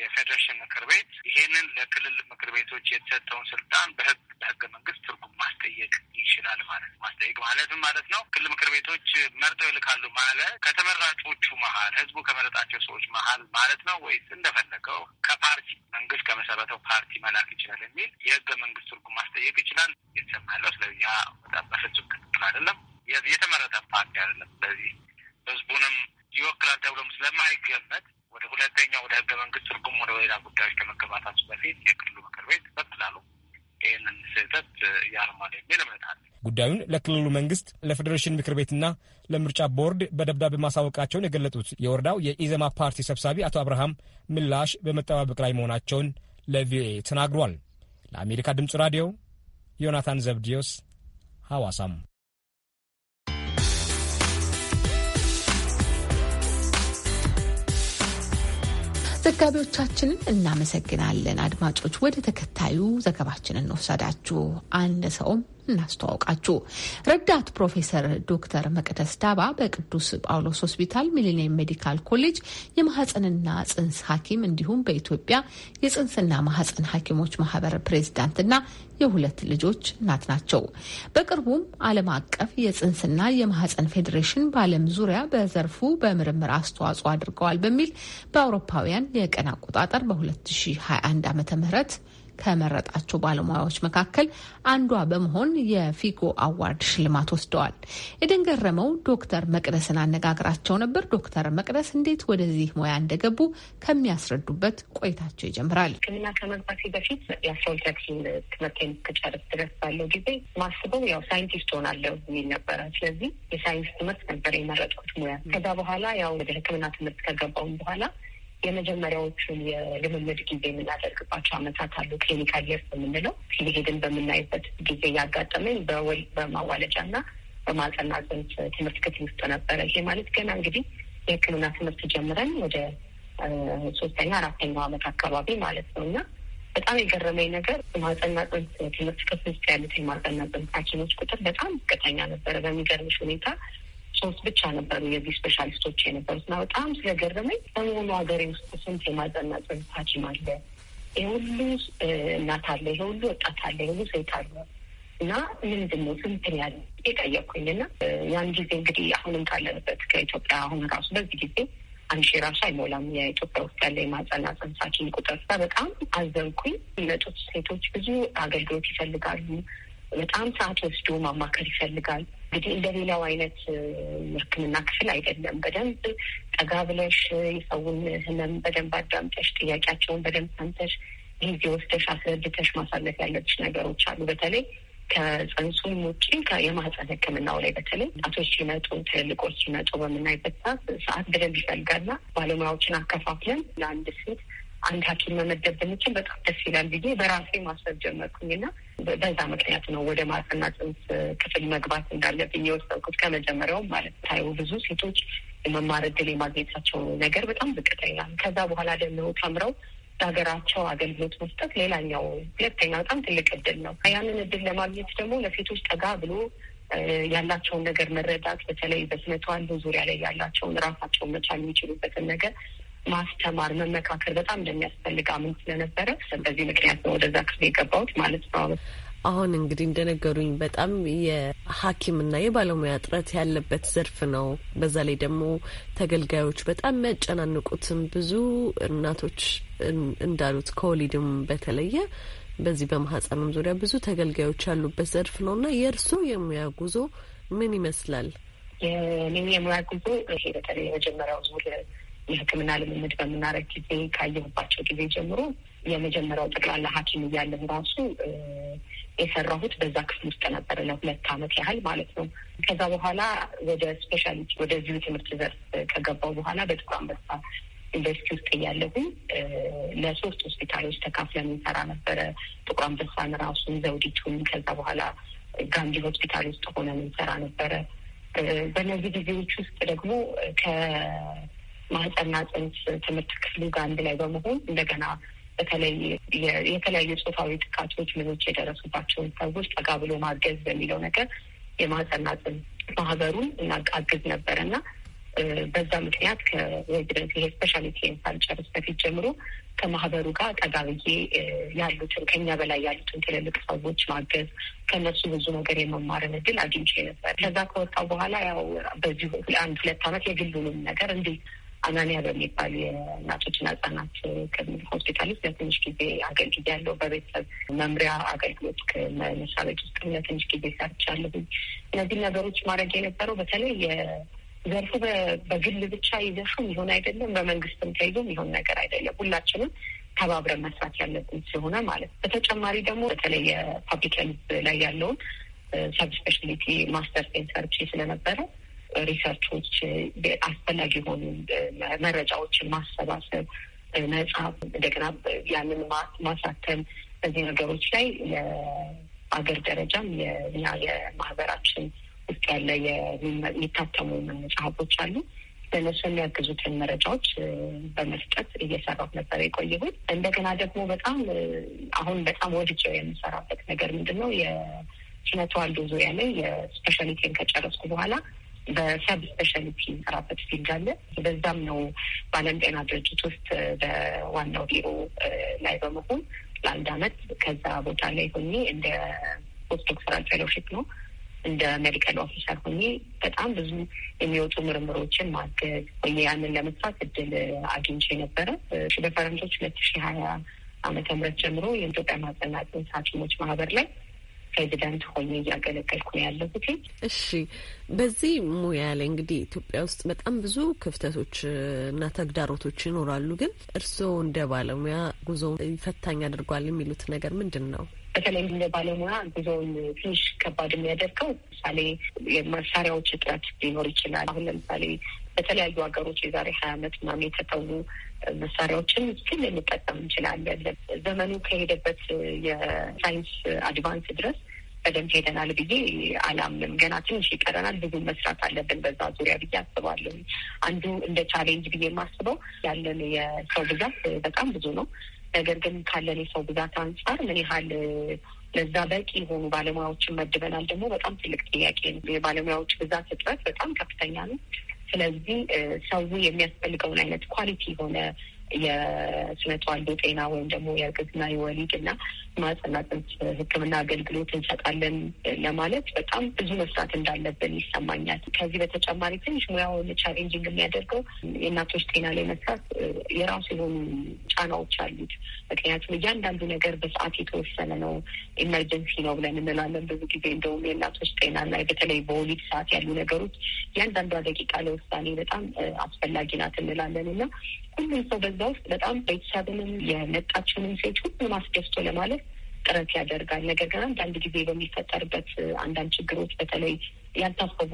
የፌዴሬሽን ምክር ቤት ይሄንን ለክልል ምክር ቤቶች የተሰጠውን ስልጣን በህግ በህገ መንግስት ትርጉም ማስጠየቅ ይችላል ማለት ነው። ማስጠየቅ ማለትም ማለት ነው ክልል ምክር ቤቶች መርጠው ይልካሉ ማለት ከተመራጮቹ መሀል ህዝቡ ከመረጣቸው ሰዎች መሀል ማለት ነው ወይስ እንደፈለገው ከፓርቲ መንግስት ከመሰረተው ፓርቲ መላክ ይችላል የሚል የህገ መንግስት ትርጉም ማስጠየቅ ይችላል የተሰማለው። ስለዚህ ያ በጣም በፍጹም ትክክል አይደለም። የተመረጠ ፓርቲ አይደለም። ስለዚህ ህዝቡንም ይወክላል ተብሎም ስለማይገመት ወደ ሁለተኛው ወደ ህገ መንግስት ትርጉም ወደ ሌላ ጉዳዮች ከመገባታቸው በፊት የክልሉ ምክር ቤት በቀላሉ ይህንን ስህተት ያርማል የሚል እምነት አለ። ጉዳዩን ለክልሉ መንግስት ለፌዴሬሽን ምክር ቤትና ለምርጫ ቦርድ በደብዳቤ ማሳወቃቸውን የገለጡት የወረዳው የኢዘማ ፓርቲ ሰብሳቢ አቶ አብርሃም ምላሽ በመጠባበቅ ላይ መሆናቸውን ለቪኦኤ ተናግሯል። ለአሜሪካ ድምፅ ራዲዮ ዮናታን ዘብዲዮስ ሐዋሳም ዘጋቢዎቻችንን እናመሰግናለን። አድማጮች፣ ወደ ተከታዩ ዘገባችንን እንወሰዳችሁ። አንድ ሰውም እናስተዋውቃችሁ። ረዳት ፕሮፌሰር ዶክተር መቅደስ ዳባ በቅዱስ ጳውሎስ ሆስፒታል ሚሊኒየም ሜዲካል ኮሌጅ የማህፀንና ጽንስ ሐኪም እንዲሁም በኢትዮጵያ የጽንስና ማህፀን ሐኪሞች ማህበር ፕሬዚዳንትና የሁለት ልጆች እናት ናቸው። በቅርቡም ዓለም አቀፍ የጽንስና የማህፀን ፌዴሬሽን በዓለም ዙሪያ በዘርፉ በምርምር አስተዋጽኦ አድርገዋል በሚል በአውሮፓውያን የቀን አቆጣጠር በ2021 ዓ.ም ከመረጣቸው ባለሙያዎች መካከል አንዷ በመሆን የፊጎ አዋርድ ሽልማት ወስደዋል። የደንገረመው ዶክተር መቅደስን አነጋግራቸው ነበር። ዶክተር መቅደስ እንዴት ወደዚህ ሙያ እንደገቡ ከሚያስረዱበት ቆይታቸው ይጀምራል። ሕክምና ከመግባቴ በፊት የአስራ ሁለተኛ ትምህርቴን እስክጨርስ ድረስ ባለው ጊዜ ማስበው ያው ሳይንቲስት ሆናለሁ የሚል ነበረ። ስለዚህ የሳይንስ ትምህርት ነበር የመረጥኩት ሙያ። ከዛ በኋላ ያው ወደ ሕክምና ትምህርት ከገባውም በኋላ የመጀመሪያዎቹን የልምምድ ጊዜ የምናደርግባቸው አመታት አሉ። ክሊኒካል የር የምንለው ሊሄድን በምናይበት ጊዜ ያጋጠመኝ በወል በማዋለጃና በማጸና ጽንስ ትምህርት ክፍል ውስጥ ነበረ። ይሄ ማለት ገና እንግዲህ የሕክምና ትምህርት ጀምረን ወደ ሶስተኛ አራተኛው አመት አካባቢ ማለት ነው እና በጣም የገረመኝ ነገር ማጸና ጽንስ ትምህርት ክፍል ውስጥ ያሉት የማህጸንና ጽንስ ሐኪሞች ቁጥር በጣም ዝቅተኛ ነበረ። በሚገርምሽ ሁኔታ ሶስት ብቻ ነበሩ የዚህ ስፔሻሊስቶች የነበሩት እና በጣም ስለገረመኝ በሙሉ ሀገሬ ውስጥ ስንት የማህጸንና ጽንስ ሐኪም አለ? የሁሉ እናት አለ፣ የሁሉ ወጣት አለ፣ የሁሉ ሴት አለ እና ምንድን ነው ስንትን ያለ የጠየቅኩኝ እና ያን ጊዜ እንግዲህ አሁንም ካለንበት ከኢትዮጵያ አሁን ራሱ በዚህ ጊዜ አንድ ራሱ አይሞላም የኢትዮጵያ ውስጥ ያለ የማህጸንና ጽንስ ሐኪም ቁጥር በጣም አዘንኩኝ። የሚመጡት ሴቶች ብዙ አገልግሎት ይፈልጋሉ። በጣም ሰዓት ወስዶ ማማከር ይፈልጋል። እንግዲህ እንደ ሌላው አይነት ሕክምና ክፍል አይደለም። በደንብ ጠጋ ብለሽ የሰውን ህመም በደንብ አዳምጠሽ፣ ጥያቄያቸውን በደንብ ሰምተሽ፣ ጊዜ ወስደሽ አስረድተሽ ማሳለፍ ያለብሽ ነገሮች አሉ። በተለይ ከጽንሱም ውጭ የማህፀን ህክምናው ላይ በተለይ ጣቶች ሲመጡ ትልልቆች ሲመጡ በምናይበት ሰዓት በደንብ ይፈልጋልና ባለሙያዎችን አከፋፍለን ለአንድ ሴት አንድ ሐኪም መመደብ ብንችል በጣም ደስ ይላል ብዬ በራሴ ማሰብ ጀመርኩኝና በዛ ምክንያት ነው ወደ ማህፀንና ጽንስ ክፍል መግባት እንዳለብኝ የወሰንኩት ከመጀመሪያውም ማለት ታየው ብዙ ሴቶች የመማር እድል የማግኘታቸው ነገር በጣም ዝቅተኛ ከዛ በኋላ ደግሞ ተምረው ለሀገራቸው አገልግሎት መስጠት ሌላኛው ሁለተኛ በጣም ትልቅ እድል ነው። ያንን እድል ለማግኘት ደግሞ ለሴቶች ጠጋ ብሎ ያላቸውን ነገር መረዳት፣ በተለይ በስነ ተዋልዶ ዙሪያ ላይ ያላቸውን ራሳቸውን መቻል የሚችሉበትን ነገር ማስተማር፣ መመካከር በጣም እንደሚያስፈልግ አምን ስለነበረ በዚህ ምክንያት ነው ወደዛ ክፍል የገባሁት ማለት ነው። አሁን እንግዲህ እንደነገሩኝ በጣም የሐኪምና የባለሙያ እጥረት ያለበት ዘርፍ ነው። በዛ ላይ ደግሞ ተገልጋዮች በጣም የሚያጨናንቁትም ብዙ እናቶች እንዳሉት ከወሊድም በተለየ በዚህ በማህጸኑም ዙሪያ ብዙ ተገልጋዮች ያሉበት ዘርፍ ነው እና የእርስዎ የሙያ ጉዞ ምን ይመስላል? የኔ የሙያ ጉዞ ይሄ በተለይ የመጀመሪያው ዙር የሕክምና ልምምድ በምናረግ ጊዜ ካየሁባቸው ጊዜ ጀምሮ የመጀመሪያው ጠቅላላ ሐኪም እያለን ራሱ የሰራሁት በዛ ክፍል ውስጥ ነበር ለሁለት አመት ያህል ማለት ነው። ከዛ በኋላ ወደ ስፔሻሊቲ ወደዚሁ ትምህርት ዘርፍ ከገባው በኋላ በጥቁር አንበሳ ዩኒቨርሲቲ ውስጥ እያለሁኝ ለሶስት ሆስፒታሎች ተካፍለን እንሰራ ነበረ። ጥቁር አንበሳን ራሱን፣ ዘውዲቱን ከዛ በኋላ ጋንዲ ሆስፒታል ውስጥ ሆነን እንሰራ ነበረ። በእነዚህ ጊዜዎች ውስጥ ደግሞ ማህፀንና ጽንስ ትምህርት ክፍሉ ጋር አንድ ላይ በመሆን እንደገና በተለይ የተለያዩ ጾታዊ ጥቃቶች ምኖች የደረሱባቸውን ሰዎች ጠጋ ብሎ ማገዝ በሚለው ነገር የማህፀንና ጽንስ ማህበሩን እናግዝ ነበር እና በዛ ምክንያት ከሬዚደንት ይሄ ስፔሻሊቲ ሳልጨርስ በፊት ጀምሮ ከማህበሩ ጋር ጠጋ ብዬ ያሉትን ከኛ በላይ ያሉትን ትልልቅ ሰዎች ማገዝ ከነሱ ብዙ ነገር የመማርን እድል አግኝቼ ነበር። ከዛ ከወጣ በኋላ ያው በዚሁ አንድ ሁለት ዓመት የግሉንም ነገር እንዴት አናኒያ በሚባል የእናቶችና ህጻናት ክሊኒክ ሆስፒታል ውስጥ ለትንሽ ጊዜ አገልግያለሁ። በቤተሰብ መምሪያ አገልግሎት ከመስሪያ ቤት ውስጥ ለትንሽ ጊዜ ሰርቻለሁ። እነዚህ ነገሮች ማድረግ የነበረው በተለይ ዘርፉ በግል ብቻ ይዘሹ ይሆን አይደለም፣ በመንግስትም ተይዞ ይሆን ነገር አይደለም። ሁላችንም ተባብረን መስራት ያለብን ስለሆነ ማለት ነው። በተጨማሪ ደግሞ በተለይ የፓብሊክ ሄልዝ ላይ ያለውን ሰብስፔሻሊቲ ማስተር ሴንተር ስለነበረ ሪሰርቾች፣ አስፈላጊ የሆኑ መረጃዎችን ማሰባሰብ፣ መጽሐፍ እንደገና ያንን ማሳተም በዚህ ነገሮች ላይ የአገር ደረጃም የኛ የማህበራችን ውስጥ ያለ የሚታተሙ መጽሐፎች አሉ። ለነሱ የሚያግዙትን መረጃዎች በመስጠት እየሰራሁ ነበር የቆየሁት። እንደገና ደግሞ በጣም አሁን በጣም ወድጀው የምሰራበት ነገር ምንድን ነው? የስነ ተዋልዶ ዙሪያ ላይ የስፔሻሊቲን ከጨረስኩ በኋላ በሰብ ስፔሻሊቲ የሚሰራበት ፊልድ አለ። በዛም ነው በዓለም ጤና ድርጅት ውስጥ በዋናው ቢሮ ላይ በመሆን ለአንድ አመት ከዛ ቦታ ላይ ሆኜ እንደ ፖስት ዶክተራል ፌሎሺፕ ነው እንደ ሜዲካል ኦፊሰር ሆኜ በጣም ብዙ የሚወጡ ምርምሮችን ማገዝ ወይ ያንን ለመስራት እድል አግኝቼ ነበረ። በፈረንጆች ሁለት ሺ ሀያ አመተ ምህረት ጀምሮ የኢትዮጵያ ማህጸንና ሐኪሞች ማህበር ላይ ፕሬዚዳንት ሆኜ እያገለገልኩ ነው ያለሁት። እሺ፣ በዚህ ሙያ ላይ እንግዲህ ኢትዮጵያ ውስጥ በጣም ብዙ ክፍተቶች እና ተግዳሮቶች ይኖራሉ። ግን እርስዎ እንደ ባለሙያ ጉዞውን ፈታኝ አድርጓል የሚሉት ነገር ምንድን ነው? በተለይ እንደ ባለሙያ ጉዞውን ትንሽ ከባድ የሚያደርገው ምሳሌ የመሳሪያዎች እጥረት ሊኖር ይችላል። አሁን ለምሳሌ በተለያዩ ሀገሮች የዛሬ ሀያ ዓመት ምናምን የተተዉ መሳሪያዎችን ስል ልንጠቀም እንችላለን። ዘመኑ ከሄደበት የሳይንስ አድቫንስ ድረስ በደንብ ሄደናል ብዬ አላምንም። ገና ትንሽ ይቀረናል፣ ብዙ መስራት አለብን በዛ ዙሪያ ብዬ አስባለሁ። አንዱ እንደ ቻሌንጅ ብዬ የማስበው ያለን የሰው ብዛት በጣም ብዙ ነው። ነገር ግን ካለን የሰው ብዛት አንጻር ምን ያህል ለዛ በቂ የሆኑ ባለሙያዎችን መድበናል ደግሞ በጣም ትልቅ ጥያቄ ነው። የባለሙያዎች ብዛት እጥረት በጣም ከፍተኛ ነው። ስለዚህ ሰው የሚያስፈልገውን አይነት ኳሊቲ የሆነ የስነ ተዋልዶ ጤና ወይም ደግሞ የእርግዝና የወሊድና ማህጸንና ጽንስ ሕክምና አገልግሎት እንሰጣለን ለማለት በጣም ብዙ መስራት እንዳለብን ይሰማኛል። ከዚህ በተጨማሪ ትንሽ ሙያውን ቻሌንጂንግ የሚያደርገው የእናቶች ጤና ላይ መስራት የራሱ የሆኑ ጫናዎች አሉት። ምክንያቱም እያንዳንዱ ነገር በሰዓት የተወሰነ ነው። ኢመርጀንሲ ነው ብለን እንላለን ብዙ ጊዜ እንደውም የእናቶች ጤና ላይ በተለይ በወሊድ ሰዓት ያሉ ነገሮች እያንዳንዷ ደቂቃ ለውሳኔ በጣም አስፈላጊ ናት እንላለን እና ሁሉም ሰው በዛ ውስጥ በጣም ቤተሰብንም የመጣችንም ሴት ሁሉ አስደስቶ ለማለት ጥረት ያደርጋል። ነገር ግን አንዳንድ ጊዜ በሚፈጠርበት አንዳንድ ችግሮች በተለይ ያልታሰቡ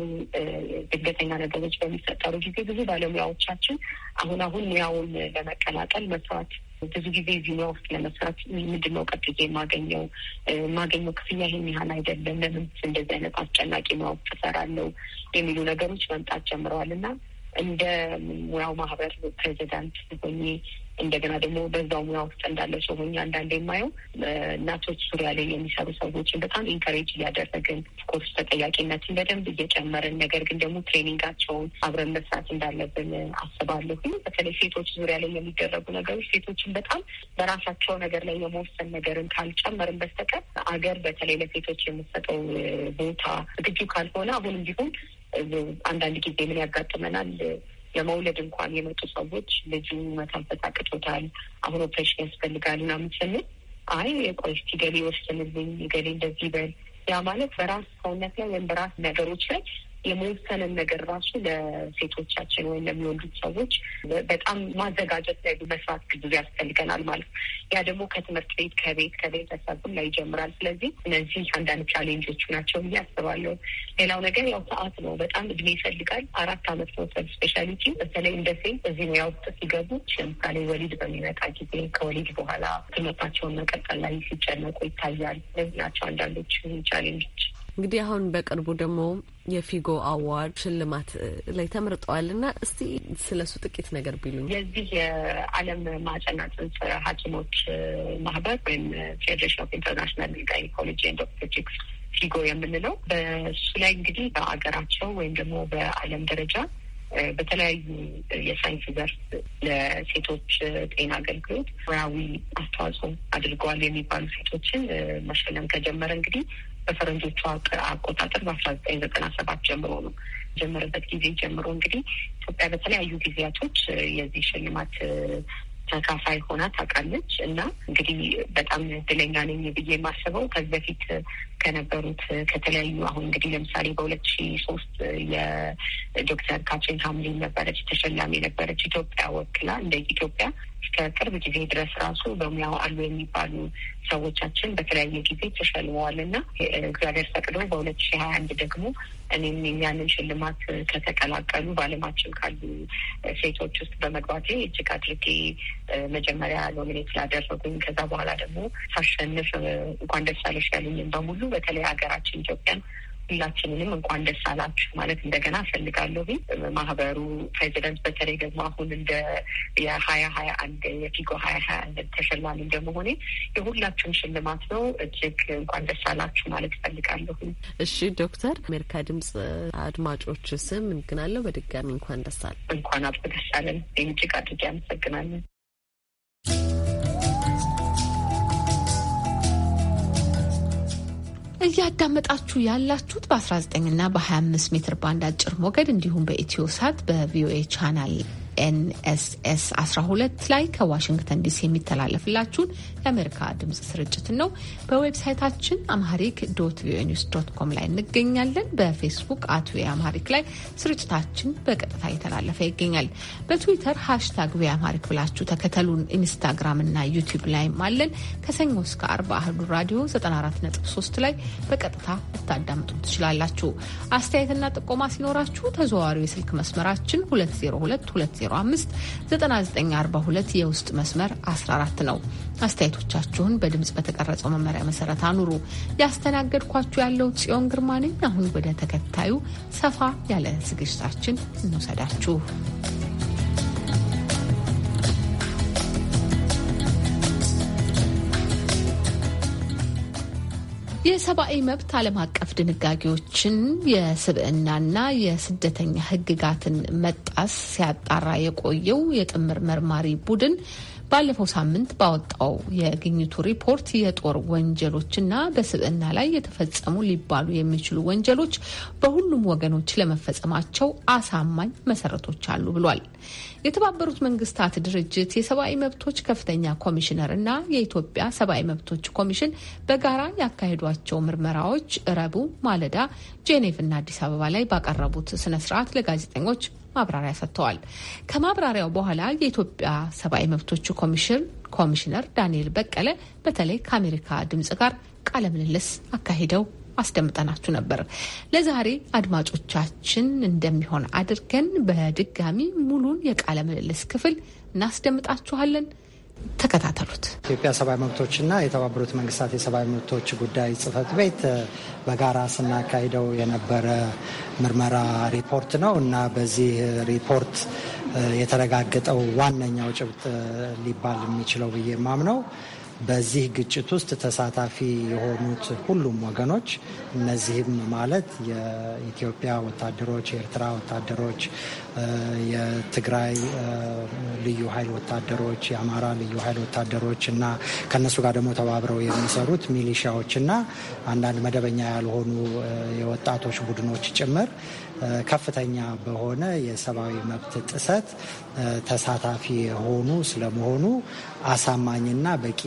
ድንገተኛ ነገሮች በሚፈጠሩ ጊዜ ብዙ ባለሙያዎቻችን አሁን አሁን ሙያውን ለመቀላቀል መስራት ብዙ ጊዜ እዚህ ሙያ ውስጥ ለመስራት ምንድን ነው ቀጥዬ የማገኘው የማገኘው ክፍያ ይህን ያህል አይደለም፣ ለምን እንደዚህ አይነት አስጨናቂ ሙያ ውስጥ እሰራለሁ የሚሉ ነገሮች መምጣት ጀምረዋል እና እንደ ሙያው ማህበር ፕሬዚዳንት ሆኜ እንደገና ደግሞ በዛው ሙያ ውስጥ እንዳለ ሰው ሆኜ አንዳንድ የማየው እናቶች ዙሪያ ላይ የሚሰሩ ሰዎችን በጣም ኢንከሬጅ እያደረግን ኮርስ ተጠያቂነትን በደንብ እየጨመርን ነገር ግን ደግሞ ትሬኒንጋቸውን አብረን መስራት እንዳለብን አስባለሁ። በተለይ ሴቶች ዙሪያ ላይ የሚደረጉ ነገሮች ሴቶችን በጣም በራሳቸው ነገር ላይ የመወሰን ነገርን ካልጨመርን በስተቀር አገር በተለይ ለሴቶች የምሰጠው ቦታ ዝግጁ ካልሆነ አሁን እንዲሁም አንዳንድ ጊዜ ምን ያጋጥመናል ለመውለድ እንኳን የመጡ ሰዎች ልጁ መተንፈስ አቅቶታል፣ አሁን ኦፕሬሽን ያስፈልጋል ምናምን ስንል አይ ቆይ እስኪ ገሌ ወስንልኝ ገሌ እንደዚህ በል ያ ማለት በራስ ሰውነት ላይ ወይም በራስ ነገሮች ላይ የመወሰንን ነገር ራሱ ለሴቶቻችን ወይም ለሚወዱት ሰዎች በጣም ማዘጋጀት ላይ መስራት ጊዜ ያስፈልገናል ማለት ነው። ያ ደግሞ ከትምህርት ቤት፣ ከቤት ከቤተሰብም ላይ ይጀምራል። ስለዚህ እነዚህ አንዳንድ ቻሌንጆች ናቸው ብዬ አስባለሁ። ሌላው ነገር ያው ሰዓት ነው። በጣም እድሜ ይፈልጋል። አራት አመት መውሰድ ስፔሻሊቲ በተለይ እንደ ሴት እዚህ ሙያ ውስጥ ሲገቡ ለምሳሌ ወሊድ በሚመጣ ጊዜ ከወሊድ በኋላ ትምህርታቸውን መቀጠል ላይ ሲጨነቁ ይታያል። እነዚህ ናቸው አንዳንዶች ቻሌንጆች። እንግዲህ አሁን በቅርቡ ደግሞ የፊጎ አዋርድ ሽልማት ላይ ተመርጠዋል እና እስቲ ስለ ስለሱ ጥቂት ነገር ቢሉኝ። የዚህ የዓለም ማህጸንና ጽንስ ሐኪሞች ማህበር ወይም ፌዴሬሽን ኦፍ ኢንተርናሽናል ጋይናኮሎጂ ኤንድ ኦብስቴትሪክስ ፊጎ የምንለው በሱ ላይ እንግዲህ በአገራቸው ወይም ደግሞ በዓለም ደረጃ በተለያዩ የሳይንስ ዘርፍ ለሴቶች ጤና አገልግሎት ሙያዊ አስተዋጽኦ አድርገዋል የሚባሉ ሴቶችን መሸለም ከጀመረ እንግዲህ በፈረንጆቹ አቆጣጠር በአስራ ዘጠኝ ዘጠና ሰባት ጀምሮ ነው ጀመረበት ጊዜ ጀምሮ እንግዲህ ኢትዮጵያ በተለያዩ ጊዜያቶች የዚህ ሽልማት ተካፋይ ሆና ታውቃለች እና እንግዲህ በጣም እድለኛ ነኝ ብዬ የማስበው ከዚህ በፊት ከነበሩት ከተለያዩ አሁን እንግዲህ ለምሳሌ በሁለት ሺ ሶስት የዶክተር ካትሪን ሀምሊን ነበረች ተሸላሚ ነበረች ኢትዮጵያ ወክላ እንደ ኢትዮጵያ እስከ ቅርብ ጊዜ ድረስ ራሱ በሙያው አሉ የሚባሉ ሰዎቻችን በተለያየ ጊዜ ተሸልመዋል እና እግዚአብሔር ፈቅዶ በሁለት ሺ ሀያ አንድ ደግሞ እኔም ያንን ሽልማት ከተቀላቀሉ በዓለማችን ካሉ ሴቶች ውስጥ በመግባቴ እጅግ አድርጌ መጀመሪያ ኖሚኔት ላደረጉኝ ከዛ በኋላ ደግሞ ሳሸንፍ እንኳን ደስ አለሽ ያሉኝም በሙሉ በተለይ ሀገራችን ኢትዮጵያን ሁላችንንም እንኳን ደስ አላችሁ ማለት እንደገና እፈልጋለሁ። ማህበሩ ፕሬዚደንት በተለይ ደግሞ አሁን እንደ የሀያ ሀያ አንድ የፊጎ ሀያ ሀያ አንድ ተሸላሚ እንደመሆኔ የሁላችሁም ሽልማት ነው። እጅግ እንኳን ደስ አላችሁ ማለት እፈልጋለሁ። እሺ ዶክተር አሜሪካ ድምጽ አድማጮች ስም እንግናለሁ በድጋሚ እንኳን ደስ አለ እንኳን አብ ደስ አለን። እጅግ አድርጌ አመሰግናለን። እያዳመጣችሁ ያላችሁት በ19 እና በ25 ሜትር ባንድ አጭር ሞገድ እንዲሁም በኢትዮ ሳት በቪኦኤ ቻናል ኤንኤስኤስ 12 ላይ ከዋሽንግተን ዲሲ የሚተላለፍላችሁን የአሜሪካ ድምጽ ስርጭትን ነው። በዌብሳይታችን አምሃሪክ ዶት ቪኦኤ ኒውስ ዶት ኮም ላይ እንገኛለን። በፌስቡክ አት ቪኦኤ አምሃሪክ ላይ ስርጭታችን በቀጥታ እየተላለፈ ይገኛል። በትዊተር ሃሽታግ ቪኦኤ አምሃሪክ ብላችሁ ተከተሉን። ኢንስታግራም እና ዩቲዩብ ላይም አለን። ከሰኞ እስከ አርብ አህዱ ራዲዮ 94.3 ላይ በቀጥታ ልታዳምጡ ትችላላችሁ። አስተያየትና ጥቆማ ሲኖራችሁ ተዘዋዋሪው የስልክ መስመራችን 202 205 9942 የውስጥ መስመር 14 ነው። አስተያየት አስተያየቶቻችሁን በድምፅ በተቀረጸው መመሪያ መሰረት አኑሩ። ያስተናገድኳችሁ ያለው ጽዮን ግርማ ነኝ። አሁን ወደ ተከታዩ ሰፋ ያለ ዝግጅታችን እንውሰዳችሁ። የሰብአዊ መብት ዓለም አቀፍ ድንጋጌዎችን የስብዕናና የስደተኛ ሕግጋትን መጣስ ሲያጣራ የቆየው የጥምር መርማሪ ቡድን ባለፈው ሳምንት ባወጣው የግኝቱ ሪፖርት የጦር ወንጀሎችና በስብዕና ላይ የተፈጸሙ ሊባሉ የሚችሉ ወንጀሎች በሁሉም ወገኖች ለመፈጸማቸው አሳማኝ መሰረቶች አሉ ብሏል። የተባበሩት መንግስታት ድርጅት የሰብአዊ መብቶች ከፍተኛ ኮሚሽነር እና የኢትዮጵያ ሰብአዊ መብቶች ኮሚሽን በጋራ ያካሄዷቸው ምርመራዎች ረቡዕ ማለዳ ጄኔቭ እና አዲስ አበባ ላይ ባቀረቡት ስነስርዓት ለጋዜጠኞች ማብራሪያ ሰጥተዋል። ከማብራሪያው በኋላ የኢትዮጵያ ሰብአዊ መብቶች ኮሚሽን ኮሚሽነር ዳንኤል በቀለ በተለይ ከአሜሪካ ድምጽ ጋር ቃለ ምልልስ አካሂደው አስደምጠናችሁ ነበር። ለዛሬ አድማጮቻችን እንደሚሆን አድርገን በድጋሚ ሙሉን የቃለ ምልልስ ክፍል እናስደምጣችኋለን። ተከታተሉት። ኢትዮጵያ ሰብአዊ መብቶችና የተባበሩት መንግስታት የሰብአዊ መብቶች ጉዳይ ጽህፈት ቤት በጋራ ስናካሂደው የነበረ ምርመራ ሪፖርት ነው እና በዚህ ሪፖርት የተረጋገጠው ዋነኛው ጭብጥ ሊባል የሚችለው ብዬ ማምነው በዚህ ግጭት ውስጥ ተሳታፊ የሆኑት ሁሉም ወገኖች እነዚህም ማለት የኢትዮጵያ ወታደሮች፣ የኤርትራ ወታደሮች፣ የትግራይ ልዩ ኃይል ወታደሮች፣ የአማራ ልዩ ኃይል ወታደሮች እና ከእነሱ ጋር ደግሞ ተባብረው የሚሰሩት ሚሊሻዎች እና አንዳንድ መደበኛ ያልሆኑ የወጣቶች ቡድኖች ጭምር ከፍተኛ በሆነ የሰብአዊ መብት ጥሰት ተሳታፊ የሆኑ ስለመሆኑ አሳማኝና በቂ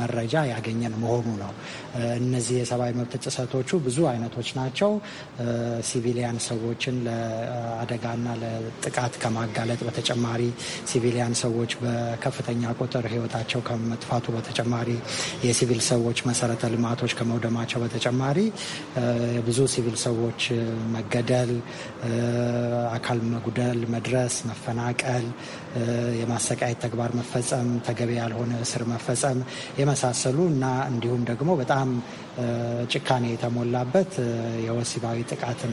መረጃ ያገኘን መሆኑ ነው። እነዚህ የሰብአዊ መብት ጥሰቶቹ ብዙ አይነቶች ናቸው። ሲቪሊያን ሰዎችን ለአደጋና ለጥቃት ከማጋለጥ በተጨማሪ ሲቪሊያን ሰዎች በከፍተኛ ቁጥር ሕይወታቸው ከመጥፋቱ በተጨማሪ የሲቪል ሰዎች መሰረተ ልማቶች ከመውደማቸው በተጨማሪ ብዙ ሲቪል ሰዎች መገደል፣ አካል መጉደል፣ መድረስ፣ መፈናቀል የማሰቃየት ተግባር መፈጸም፣ ተገቢ ያልሆነ እስር መፈጸም የመሳሰሉ እና እንዲሁም ደግሞ በጣም ጭካኔ የተሞላበት የወሲባዊ ጥቃትን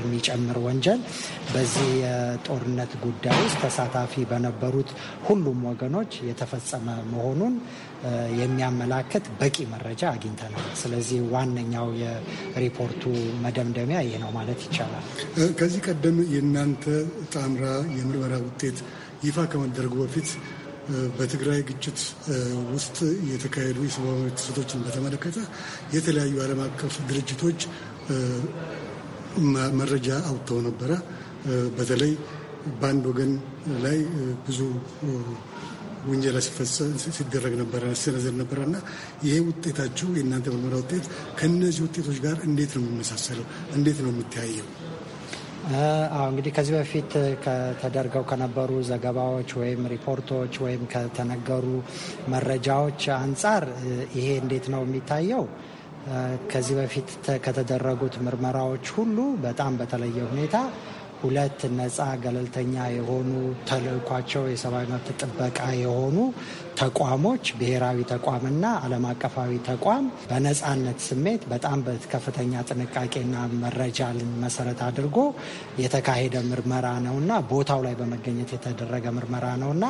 የሚጨምር ወንጀል በዚህ የጦርነት ጉዳይ ውስጥ ተሳታፊ በነበሩት ሁሉም ወገኖች የተፈጸመ መሆኑን የሚያመላክት በቂ መረጃ አግኝተናል። ስለዚህ ዋነኛው የሪፖርቱ መደምደሚያ ይህ ነው ማለት ይቻላል። ከዚህ ቀደም የእናንተ ጣምራ የምርመራ ውጤት ይፋ ከመደረጉ በፊት በትግራይ ግጭት ውስጥ የተካሄዱ የሰብአዊ መብት ጥሰቶችን በተመለከተ የተለያዩ ዓለም አቀፍ ድርጅቶች መረጃ አውጥተው ነበረ። በተለይ በአንድ ወገን ላይ ብዙ ውንጀላ ሲደረግ ነበረ፣ ሲሰነዘር ነበረ እና ይሄ ውጤታችሁ የእናንተ ምርመራ ውጤት ከእነዚህ ውጤቶች ጋር እንዴት ነው የሚመሳሰለው? እንዴት ነው የሚተያየው? እንግዲህ ከዚህ በፊት ተደርገው ከነበሩ ዘገባዎች ወይም ሪፖርቶች ወይም ከተነገሩ መረጃዎች አንጻር ይሄ እንዴት ነው የሚታየው? ከዚህ በፊት ከተደረጉት ምርመራዎች ሁሉ በጣም በተለየ ሁኔታ ሁለት ነፃ ገለልተኛ የሆኑ ተልእኳቸው የሰብአዊ መብት ጥበቃ የሆኑ ተቋሞች ብሔራዊ ተቋምና ዓለም አቀፋዊ ተቋም በነፃነት ስሜት በጣም በከፍተኛ ጥንቃቄና መረጃን መሰረት አድርጎ የተካሄደ ምርመራ ነውና ቦታው ላይ በመገኘት የተደረገ ምርመራ ነውና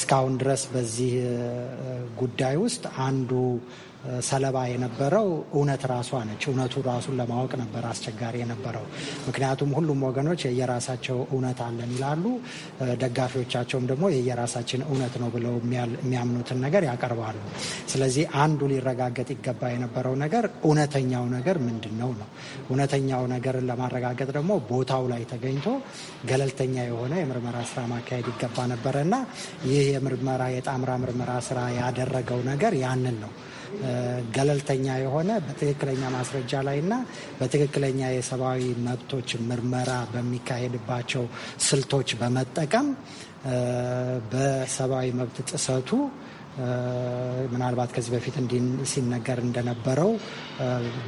እስካሁን ድረስ በዚህ ጉዳይ ውስጥ አንዱ ሰለባ የነበረው እውነት ራሷ ነች። እውነቱ ራሱን ለማወቅ ነበር አስቸጋሪ የነበረው። ምክንያቱም ሁሉም ወገኖች የየራሳቸው እውነት አለን ይላሉ። ደጋፊዎቻቸውም ደግሞ የየራሳችን እውነት ነው ብለው የሚያምኑትን ነገር ያቀርባሉ። ስለዚህ አንዱ ሊረጋገጥ ይገባ የነበረው ነገር እውነተኛው ነገር ምንድን ነው ነው። እውነተኛው ነገርን ለማረጋገጥ ደግሞ ቦታው ላይ ተገኝቶ ገለልተኛ የሆነ የምርመራ ስራ ማካሄድ ይገባ ነበረ እና ይህ የምርመራ የጣምራ ምርመራ ስራ ያደረገው ነገር ያንን ነው። ገለልተኛ የሆነ በትክክለኛ ማስረጃ ላይና በትክክለኛ የሰብአዊ መብቶች ምርመራ በሚካሄድባቸው ስልቶች በመጠቀም በሰብአዊ መብት ጥሰቱ ምናልባት ከዚህ በፊት ሲነገር እንደነበረው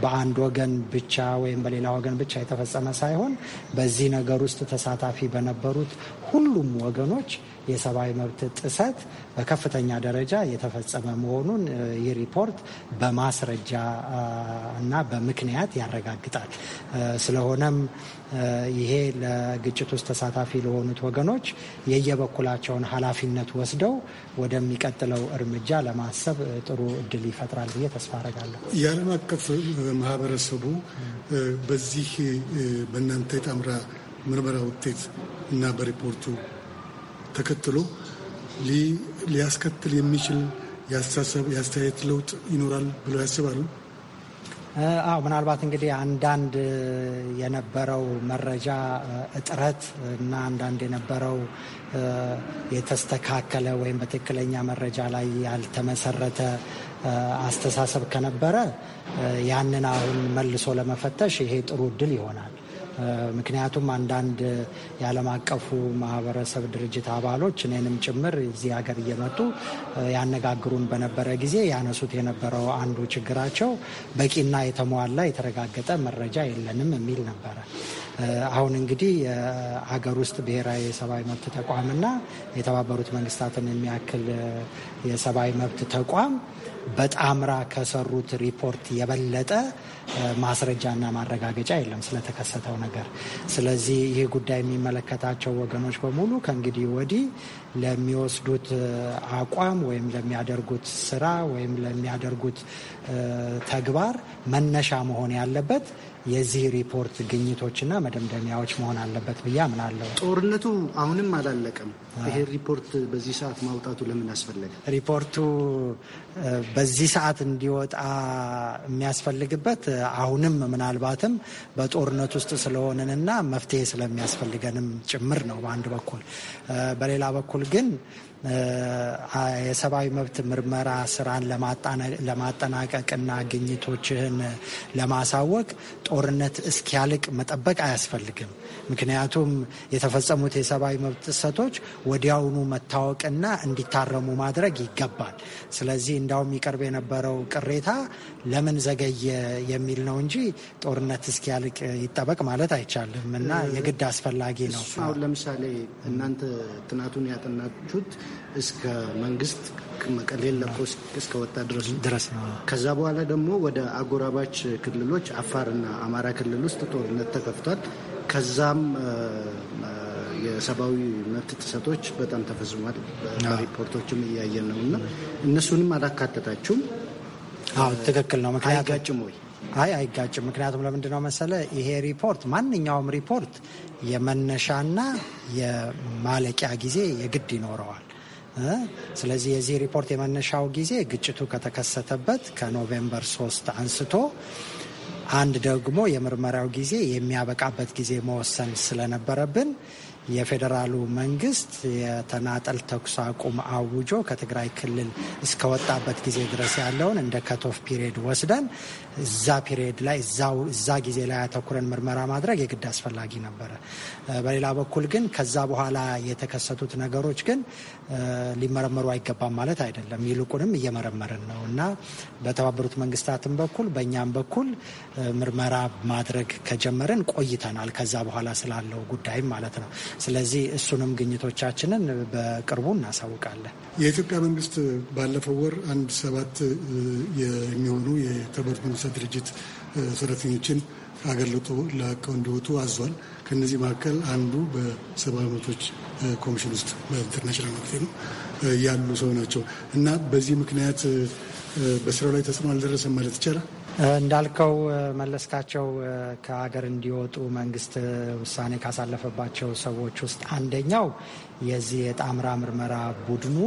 በአንድ ወገን ብቻ ወይም በሌላ ወገን ብቻ የተፈጸመ ሳይሆን በዚህ ነገር ውስጥ ተሳታፊ በነበሩት ሁሉም ወገኖች የሰብአዊ መብት ጥሰት በከፍተኛ ደረጃ የተፈጸመ መሆኑን ይህ ሪፖርት በማስረጃ እና በምክንያት ያረጋግጣል። ስለሆነም ይሄ ለግጭት ውስጥ ተሳታፊ ለሆኑት ወገኖች የየበኩላቸውን ኃላፊነት ወስደው ወደሚቀጥለው እርምጃ ለማሰብ ጥሩ እድል ይፈጥራል ብዬ ተስፋ አረጋለሁ። የዓለም አቀፍ ማህበረሰቡ በዚህ በእናንተ የጣምራ ምርመራ ውጤት እና በሪፖርቱ ተከትሎ ሊያስከትል የሚችል የአስተሳሰብ የአስተያየት ለውጥ ይኖራል ብለው ያስባሉ? አዎ ምናልባት እንግዲህ አንዳንድ የነበረው መረጃ እጥረት እና አንዳንድ የነበረው የተስተካከለ ወይም በትክክለኛ መረጃ ላይ ያልተመሰረተ አስተሳሰብ ከነበረ ያንን አሁን መልሶ ለመፈተሽ ይሄ ጥሩ እድል ይሆናል። ምክንያቱም አንዳንድ የዓለም አቀፉ ማህበረሰብ ድርጅት አባሎች እኔንም ጭምር እዚህ ሀገር እየመጡ ያነጋግሩን በነበረ ጊዜ ያነሱት የነበረው አንዱ ችግራቸው በቂና የተሟላ የተረጋገጠ መረጃ የለንም የሚል ነበረ። አሁን እንግዲህ የሀገር ውስጥ ብሔራዊ የሰብአዊ መብት ተቋምና የተባበሩት መንግስታትን የሚያክል የሰብአዊ መብት ተቋም በጣምራ ከሰሩት ሪፖርት የበለጠ ማስረጃና ማረጋገጫ የለም ስለተከሰተው ነገር። ስለዚህ ይህ ጉዳይ የሚመለከታቸው ወገኖች በሙሉ ከእንግዲህ ወዲህ ለሚወስዱት አቋም ወይም ለሚያደርጉት ስራ ወይም ለሚያደርጉት ተግባር መነሻ መሆን ያለበት የዚህ ሪፖርት ግኝቶችና መደምደሚያዎች መሆን አለበት ብዬ አምናለሁ። ጦርነቱ አሁንም አላለቀም። ይሄ ሪፖርት በዚህ ሰዓት ማውጣቱ ለምን አስፈለገ? ሪፖርቱ በዚህ ሰዓት እንዲወጣ የሚያስፈልግበት አሁንም ምናልባትም በጦርነት ውስጥ ስለሆንንና መፍትሄ ስለሚያስፈልገንም ጭምር ነው በአንድ በኩል። በሌላ በኩል ግን የሰብአዊ መብት ምርመራ ስራን ለማጠናቀቅና ግኝቶችህን ለማሳወቅ ጦርነት እስኪያልቅ መጠበቅ አያስፈልግም። ምክንያቱም የተፈጸሙት የሰብአዊ መብት ጥሰቶች ወዲያውኑ መታወቅና እንዲታረሙ ማድረግ ይገባል። ስለዚህ እንዳውም ይቀርብ የነበረው ቅሬታ ለምን ዘገየ የሚል ነው እንጂ ጦርነት እስኪያልቅ ይጠበቅ ማለት አይቻልም እና የግድ አስፈላጊ ነው። አሁን ለምሳሌ እናንተ ጥናቱን ያጠናችሁት እስከ መንግስት መቀሌን ለቆ እስከወጣ ድረስ ነው። ከዛ በኋላ ደግሞ ወደ አጎራባች ክልሎች አፋርና አማራ ክልል ውስጥ ጦርነት ተከፍቷል። ከዛም የሰብአዊ መብት ጥሰቶች በጣም ተፈጽሟል። ሪፖርቶችም እያየን ነው እና እነሱንም አላካተታችሁም። ትክክል ነው። ምክንያቱም አይጋጭም ወይ? አይ አይጋጭም። ምክንያቱም ለምንድን ነው መሰለ ይሄ ሪፖርት ማንኛውም ሪፖርት የመነሻና የማለቂያ ጊዜ የግድ ይኖረዋል። ስለዚህ የዚህ ሪፖርት የመነሻው ጊዜ ግጭቱ ከተከሰተበት ከኖቬምበር 3 አንስቶ አንድ ደግሞ የምርመራው ጊዜ የሚያበቃበት ጊዜ መወሰን ስለነበረብን የፌዴራሉ መንግስት የተናጠል ተኩስ አቁም አውጆ ከትግራይ ክልል እስከወጣበት ጊዜ ድረስ ያለውን እንደ ከቶፍ ፒሪየድ ወስደን እዛ ፒሪየድ ላይ እዛ ጊዜ ላይ ያተኩረን ምርመራ ማድረግ የግድ አስፈላጊ ነበረ። በሌላ በኩል ግን ከዛ በኋላ የተከሰቱት ነገሮች ግን ሊመረመሩ አይገባም ማለት አይደለም። ይልቁንም እየመረመርን ነው እና በተባበሩት መንግስታትም በኩል በእኛም በኩል ምርመራ ማድረግ ከጀመርን ቆይተናል። ከዛ በኋላ ስላለው ጉዳይም ማለት ነው። ስለዚህ እሱንም ግኝቶቻችንን በቅርቡ እናሳውቃለን። የኢትዮጵያ መንግስት ባለፈው ወር አንድ ሰባት የሚሆኑ የተባበሩት መንግስታት ድርጅት ሰራተኞችን አገር ለቀው እንዲወጡ አዟል። ከነዚህ መካከል አንዱ በሰብአዊ መብቶች ኮሚሽን ውስጥ በኢንተርናሽናል መብት ነው ያሉ ሰው ናቸው እና በዚህ ምክንያት በስራው ላይ ተጽዕኖ አልደረሰም ማለት ይቻላል። እንዳልከው መለስካቸው ከሀገር እንዲወጡ መንግስት ውሳኔ ካሳለፈባቸው ሰዎች ውስጥ አንደኛው የዚህ የጣምራ ምርመራ ቡድኑ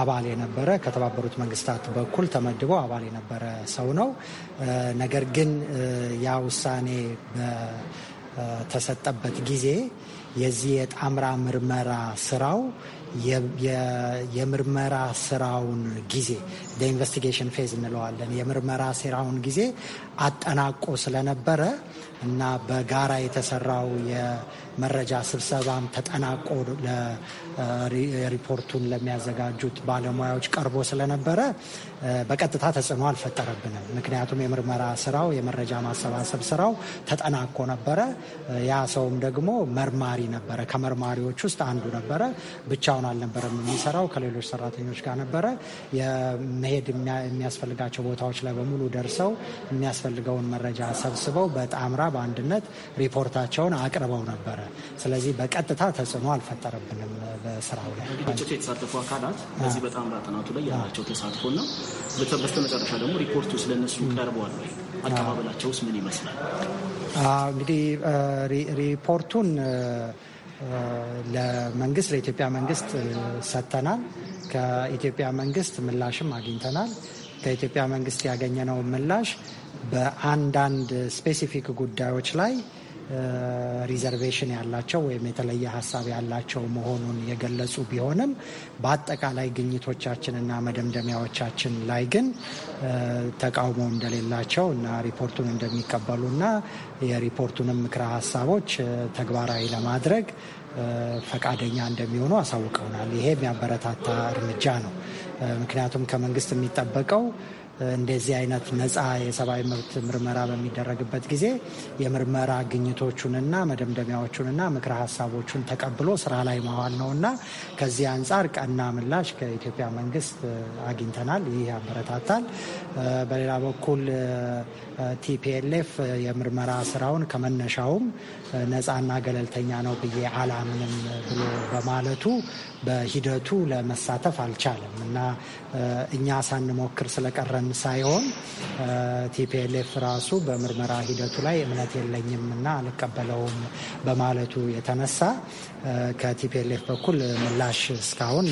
አባል የነበረ ከተባበሩት መንግስታት በኩል ተመድቦ አባል የነበረ ሰው ነው። ነገር ግን ያ ውሳኔ በተሰጠበት ጊዜ የዚህ የጣምራ ምርመራ ስራው የምርመራ ስራውን ጊዜ ኢንቨስቲጌሽን ፌዝ እንለዋለን። የምርመራ ስራውን ጊዜ አጠናቆ ስለነበረ እና በጋራ የተሰራው የመረጃ ስብሰባም ተጠናቆ ሪፖርቱን ለሚያዘጋጁት ባለሙያዎች ቀርቦ ስለነበረ በቀጥታ ተጽዕኖ አልፈጠረብንም። ምክንያቱም የምርመራ ስራው የመረጃ ማሰባሰብ ስራው ተጠናቆ ነበረ። ያ ሰውም ደግሞ መርማሪ ነበረ። ከመርማሪዎች ውስጥ አንዱ ነበረ። ብቻውን አልነበረም የሚሰራው፣ ከሌሎች ሰራተኞች ጋር ነበረ። የመሄድ የሚያስፈልጋቸው ቦታዎች ላይ በሙሉ ደርሰው የሚያስፈልገውን መረጃ ሰብስበው በጣምራ በአንድነት ሪፖርታቸውን አቅርበው ነበረ። ስለዚህ በቀጥታ ተጽዕኖ አልፈጠረብንም። በስራው ላይ ግጭቱ የተሳተፉ አካላት በዚህ በጣም በጥናቱ ላይ ያላቸው ተሳትፎ ተሳትፎና በስተመጨረሻ ደግሞ ሪፖርቱ ስለነሱ ቀርበዋል ወይ? አቀባበላቸውስ ምን ይመስላል? እንግዲህ ሪፖርቱን ለመንግስት ለኢትዮጵያ መንግስት ሰጥተናል። ከኢትዮጵያ መንግስት ምላሽም አግኝተናል። ከኢትዮጵያ መንግስት ያገኘነው ምላሽ በአንዳንድ ስፔሲፊክ ጉዳዮች ላይ ሪዘርቬሽን ያላቸው ወይም የተለየ ሀሳብ ያላቸው መሆኑን የገለጹ ቢሆንም በአጠቃላይ ግኝቶቻችንና መደምደሚያዎቻችን ላይ ግን ተቃውሞ እንደሌላቸው እና ሪፖርቱን እንደሚቀበሉና የሪፖርቱንም ምክረ ሀሳቦች ተግባራዊ ለማድረግ ፈቃደኛ እንደሚሆኑ አሳውቀውናል። ይሄ የሚያበረታታ እርምጃ ነው። ምክንያቱም ከመንግስት የሚጠበቀው እንደዚህ አይነት ነፃ የሰብአዊ መብት ምርመራ በሚደረግበት ጊዜ የምርመራ ግኝቶቹንና መደምደሚያዎቹንና ምክረ ሀሳቦቹን ተቀብሎ ስራ ላይ መዋል ነውና ከዚህ አንጻር ቀና ምላሽ ከኢትዮጵያ መንግስት አግኝተናል። ይህ ያበረታታል። በሌላ በኩል ቲፒኤልኤፍ የምርመራ ስራውን ከመነሻውም ነፃና ገለልተኛ ነው ብዬ አላምንም ብሎ በማለቱ በሂደቱ ለመሳተፍ አልቻለም እና እኛ ሳንሞክር ስለቀረን ሳይሆን ቲፒኤልኤፍ ራሱ በምርመራ ሂደቱ ላይ እምነት የለኝም እና አልቀበለውም በማለቱ የተነሳ ከቲፒኤልኤፍ በኩል ምላሽ እስካሁን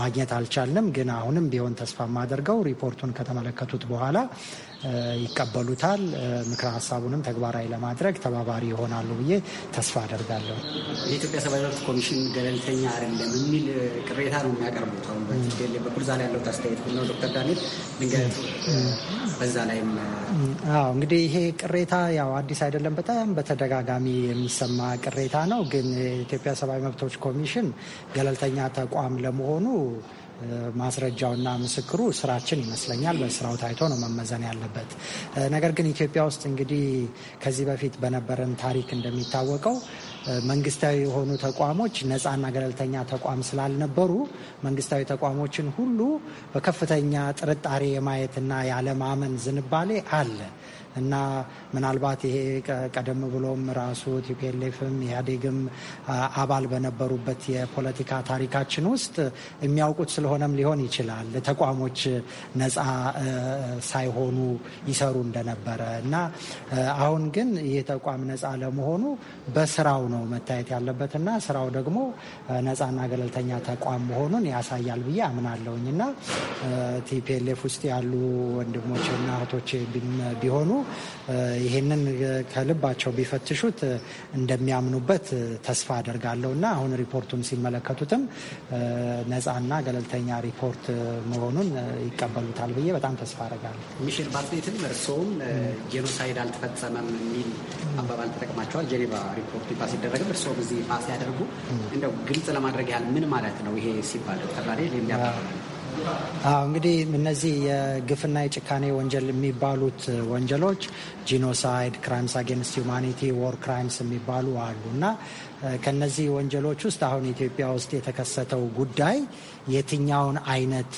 ማግኘት አልቻልንም። ግን አሁንም ቢሆን ተስፋ የማደርገው ሪፖርቱን ከተመለከቱት በኋላ ይቀበሉታል። ምክረ ሀሳቡንም ተግባራዊ ለማድረግ ተባባሪ ይሆናሉ ብዬ ተስፋ አደርጋለሁ። የኢትዮጵያ ሰብአዊ መብት ኮሚሽን ገለልተኛ አይደለም የሚል ቅሬታ ነው የሚያቀርቡት። አሁን በኩል ዛሬ ያለው አስተያየት ነው ዶክተር ዳንኤል ድንገት በዛ ላይም አዎ እንግዲህ ይሄ ቅሬታ ያው አዲስ አይደለም። በጣም በተደጋጋሚ የሚሰማ ቅሬታ ነው። ግን የኢትዮጵያ ሰብአዊ መብቶች ኮሚሽን ገለልተኛ ተቋም ለመሆኑ ማስረጃውና ምስክሩ ስራችን ይመስለኛል። በስራው ታይቶ ነው መመዘን ያለበት። ነገር ግን ኢትዮጵያ ውስጥ እንግዲህ ከዚህ በፊት በነበረን ታሪክ እንደሚታወቀው መንግስታዊ የሆኑ ተቋሞች ነፃና ገለልተኛ ተቋም ስላልነበሩ መንግስታዊ ተቋሞችን ሁሉ በከፍተኛ ጥርጣሬ የማየትና ያለማመን ዝንባሌ አለ። እና ምናልባት ይሄ ቀደም ብሎም ራሱ ቲፒኤልኤፍም ኢህአዴግም አባል በነበሩበት የፖለቲካ ታሪካችን ውስጥ የሚያውቁት ስለሆነም ሊሆን ይችላል ተቋሞች ነፃ ሳይሆኑ ይሰሩ እንደነበረ እና አሁን ግን ይህ ተቋም ነፃ ለመሆኑ በስራው ነው መታየት ያለበት እና ስራው ደግሞ ነፃና ገለልተኛ ተቋም መሆኑን ያሳያል ብዬ አምናለሁኝ እና ቲፒኤልኤፍ ውስጥ ያሉ ወንድሞችና እህቶች ቢሆኑ ይህንን ከልባቸው ቢፈትሹት እንደሚያምኑበት ተስፋ አደርጋለሁ እና አሁን ሪፖርቱን ሲመለከቱትም ነጻና ገለልተኛ ሪፖርት መሆኑን ይቀበሉታል ብዬ በጣም ተስፋ አደርጋለሁ። ሚሼል ባስሌትም እርስዎም ጄኖሳይድ አልተፈጸመም የሚል አባባል ተጠቅማቸዋል። ጄኔቫ ሪፖርቱ ይፋ ሲደረግም እርስዎም እዚህ ይፋ ሲያደርጉ እንደው ግልጽ ለማድረግ ያህል ምን ማለት ነው ይሄ ሲባል ዶክተር ዳንኤል እንግዲህ እነዚህ የግፍና የጭካኔ ወንጀል የሚባሉት ወንጀሎች ጂኖሳይድ፣ ክራይምስ አጌንስት ሁማኒቲ፣ ዎር ክራይምስ የሚባሉ አሉ እና ከነዚህ ወንጀሎች ውስጥ አሁን ኢትዮጵያ ውስጥ የተከሰተው ጉዳይ የትኛውን አይነት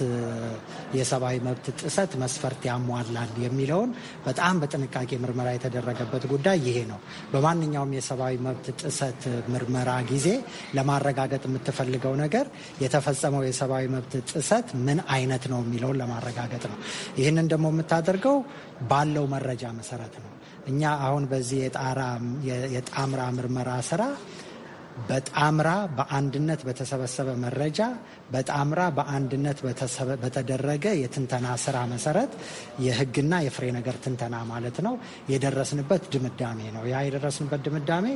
የሰብአዊ መብት ጥሰት መስፈርት ያሟላል የሚለውን በጣም በጥንቃቄ ምርመራ የተደረገበት ጉዳይ ይሄ ነው። በማንኛውም የሰብአዊ መብት ጥሰት ምርመራ ጊዜ ለማረጋገጥ የምትፈልገው ነገር የተፈጸመው የሰብአዊ መብት ጥሰት ምን አይነት ነው የሚለውን ለማረጋገጥ ነው። ይህንን ደግሞ የምታደርገው ባለው መረጃ መሰረት ነው። እኛ አሁን በዚህ የጣራ የጣምራ ምርመራ ስራ በጣምራ በአንድነት በተሰበሰበ መረጃ በጣምራ በአንድነት በተደረገ የትንተና ስራ መሰረት የህግና የፍሬ ነገር ትንተና ማለት ነው የደረስንበት ድምዳሜ ነው። ያ የደረስንበት ድምዳሜ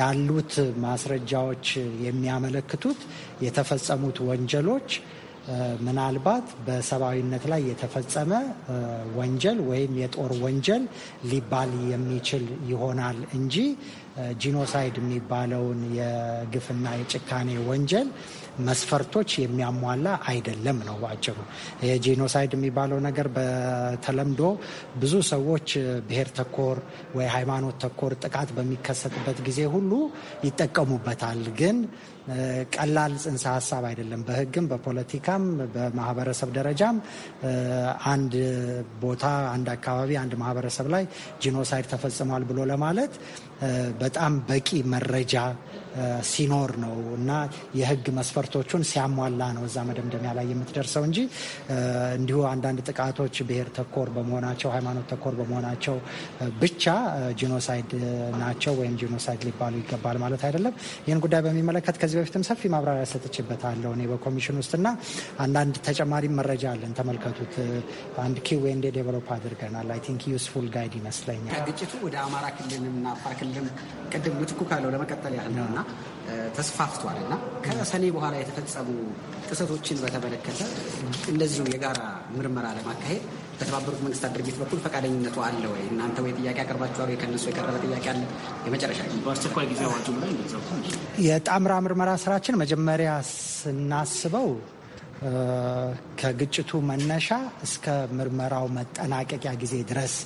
ያሉት ማስረጃዎች የሚያመለክቱት የተፈጸሙት ወንጀሎች ምናልባት በሰብአዊነት ላይ የተፈጸመ ወንጀል ወይም የጦር ወንጀል ሊባል የሚችል ይሆናል እንጂ ጂኖሳይድ የሚባለውን የግፍና የጭካኔ ወንጀል መስፈርቶች የሚያሟላ አይደለም ነው ባጭሩ። የጂኖሳይድ የሚባለው ነገር በተለምዶ ብዙ ሰዎች ብሔር ተኮር ወይ ሃይማኖት ተኮር ጥቃት በሚከሰትበት ጊዜ ሁሉ ይጠቀሙበታል ግን ቀላል ጽንሰ ሀሳብ አይደለም። በሕግም በፖለቲካም በማህበረሰብ ደረጃም አንድ ቦታ አንድ አካባቢ አንድ ማህበረሰብ ላይ ጂኖሳይድ ተፈጽሟል ብሎ ለማለት በጣም በቂ መረጃ ሲኖር ነው እና የህግ መስፈርቶቹን ሲያሟላ ነው እዛ መደምደሚያ ላይ የምትደርሰው እንጂ እንዲሁ አንዳንድ ጥቃቶች ብሔር ተኮር በመሆናቸው ሃይማኖት ተኮር በመሆናቸው ብቻ ጂኖሳይድ ናቸው ወይም ጂኖሳይድ ሊባሉ ይገባል ማለት አይደለም። ይህን ጉዳይ በሚመለከት ከዚህ በፊትም ሰፊ ማብራሪያ ሰጥቼበታለሁ እኔ በኮሚሽን ውስጥና አንዳንድ ተጨማሪ መረጃ አለን። ተመልከቱት። አንድ ኪው ኤንዴ ዴቨሎፕ አድርገናል። አይ ቲንክ ዩስፉል ጋይድ ይመስለኛል። ግጭቱ ወደ አማራ ክልልም አፋር ክልልም ቅድም ምትኩ ካለው ለመቀጠል ያህል ነውና ተስፋፍቷል እና ከሰኔ በኋላ የተፈጸሙ ጥሰቶችን በተመለከተ እንደዚሁ የጋራ ምርመራ ለማካሄድ በተባበሩት መንግስታት ድርጅት በኩል ፈቃደኝነቱ አለ ወይ? እናንተ ወይ ጥያቄ አቅርባችኋል ወይ? ከእነሱ የቀረበ ጥያቄ አለ? የመጨረሻ በአስቸኳይ ጊዜ አዋጁ የጣምራ ምርመራ ስራችን መጀመሪያ ስናስበው ከግጭቱ መነሻ እስከ ምርመራው መጠናቀቂያ ጊዜ ድረስ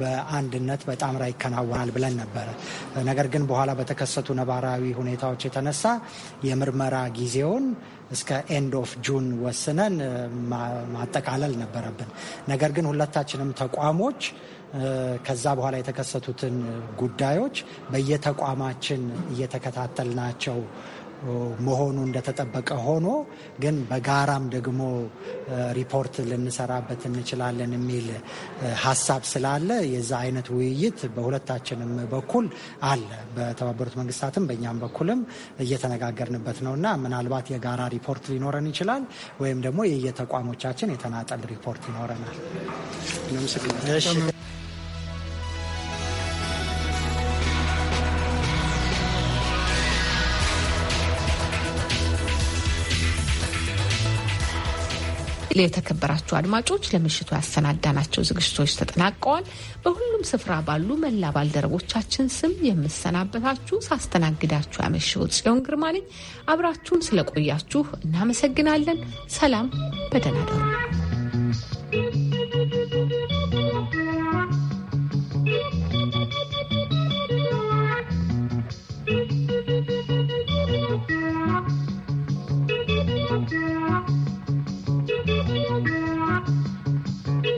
በአንድነት በጣምራ ይከናወናል ብለን ነበረ። ነገር ግን በኋላ በተከሰቱ ነባራዊ ሁኔታዎች የተነሳ የምርመራ ጊዜውን እስከ ኤንድ ኦፍ ጁን ወስነን ማጠቃለል ነበረብን። ነገር ግን ሁለታችንም ተቋሞች ከዛ በኋላ የተከሰቱትን ጉዳዮች በየተቋማችን እየተከታተልናቸው መሆኑ እንደተጠበቀ ሆኖ ግን በጋራም ደግሞ ሪፖርት ልንሰራበት እንችላለን የሚል ሀሳብ ስላለ የዛ አይነት ውይይት በሁለታችንም በኩል አለ። በተባበሩት መንግስታትም በእኛም በኩልም እየተነጋገርንበት ነው እና ምናልባት የጋራ ሪፖርት ሊኖረን ይችላል ወይም ደግሞ የየተቋሞቻችን የተናጠል ሪፖርት ይኖረናል። የተከበራችሁ አድማጮች ለምሽቱ ያሰናዳናቸው ዝግጅቶች ተጠናቀዋል። በሁሉም ስፍራ ባሉ መላ ባልደረቦቻችን ስም የምሰናበታችሁ ሳስተናግዳችሁ ያመሸሁት ጽዮን ግርማ ነኝ። አብራችሁን ስለቆያችሁ እናመሰግናለን። ሰላም፣ በደህና እደሩ።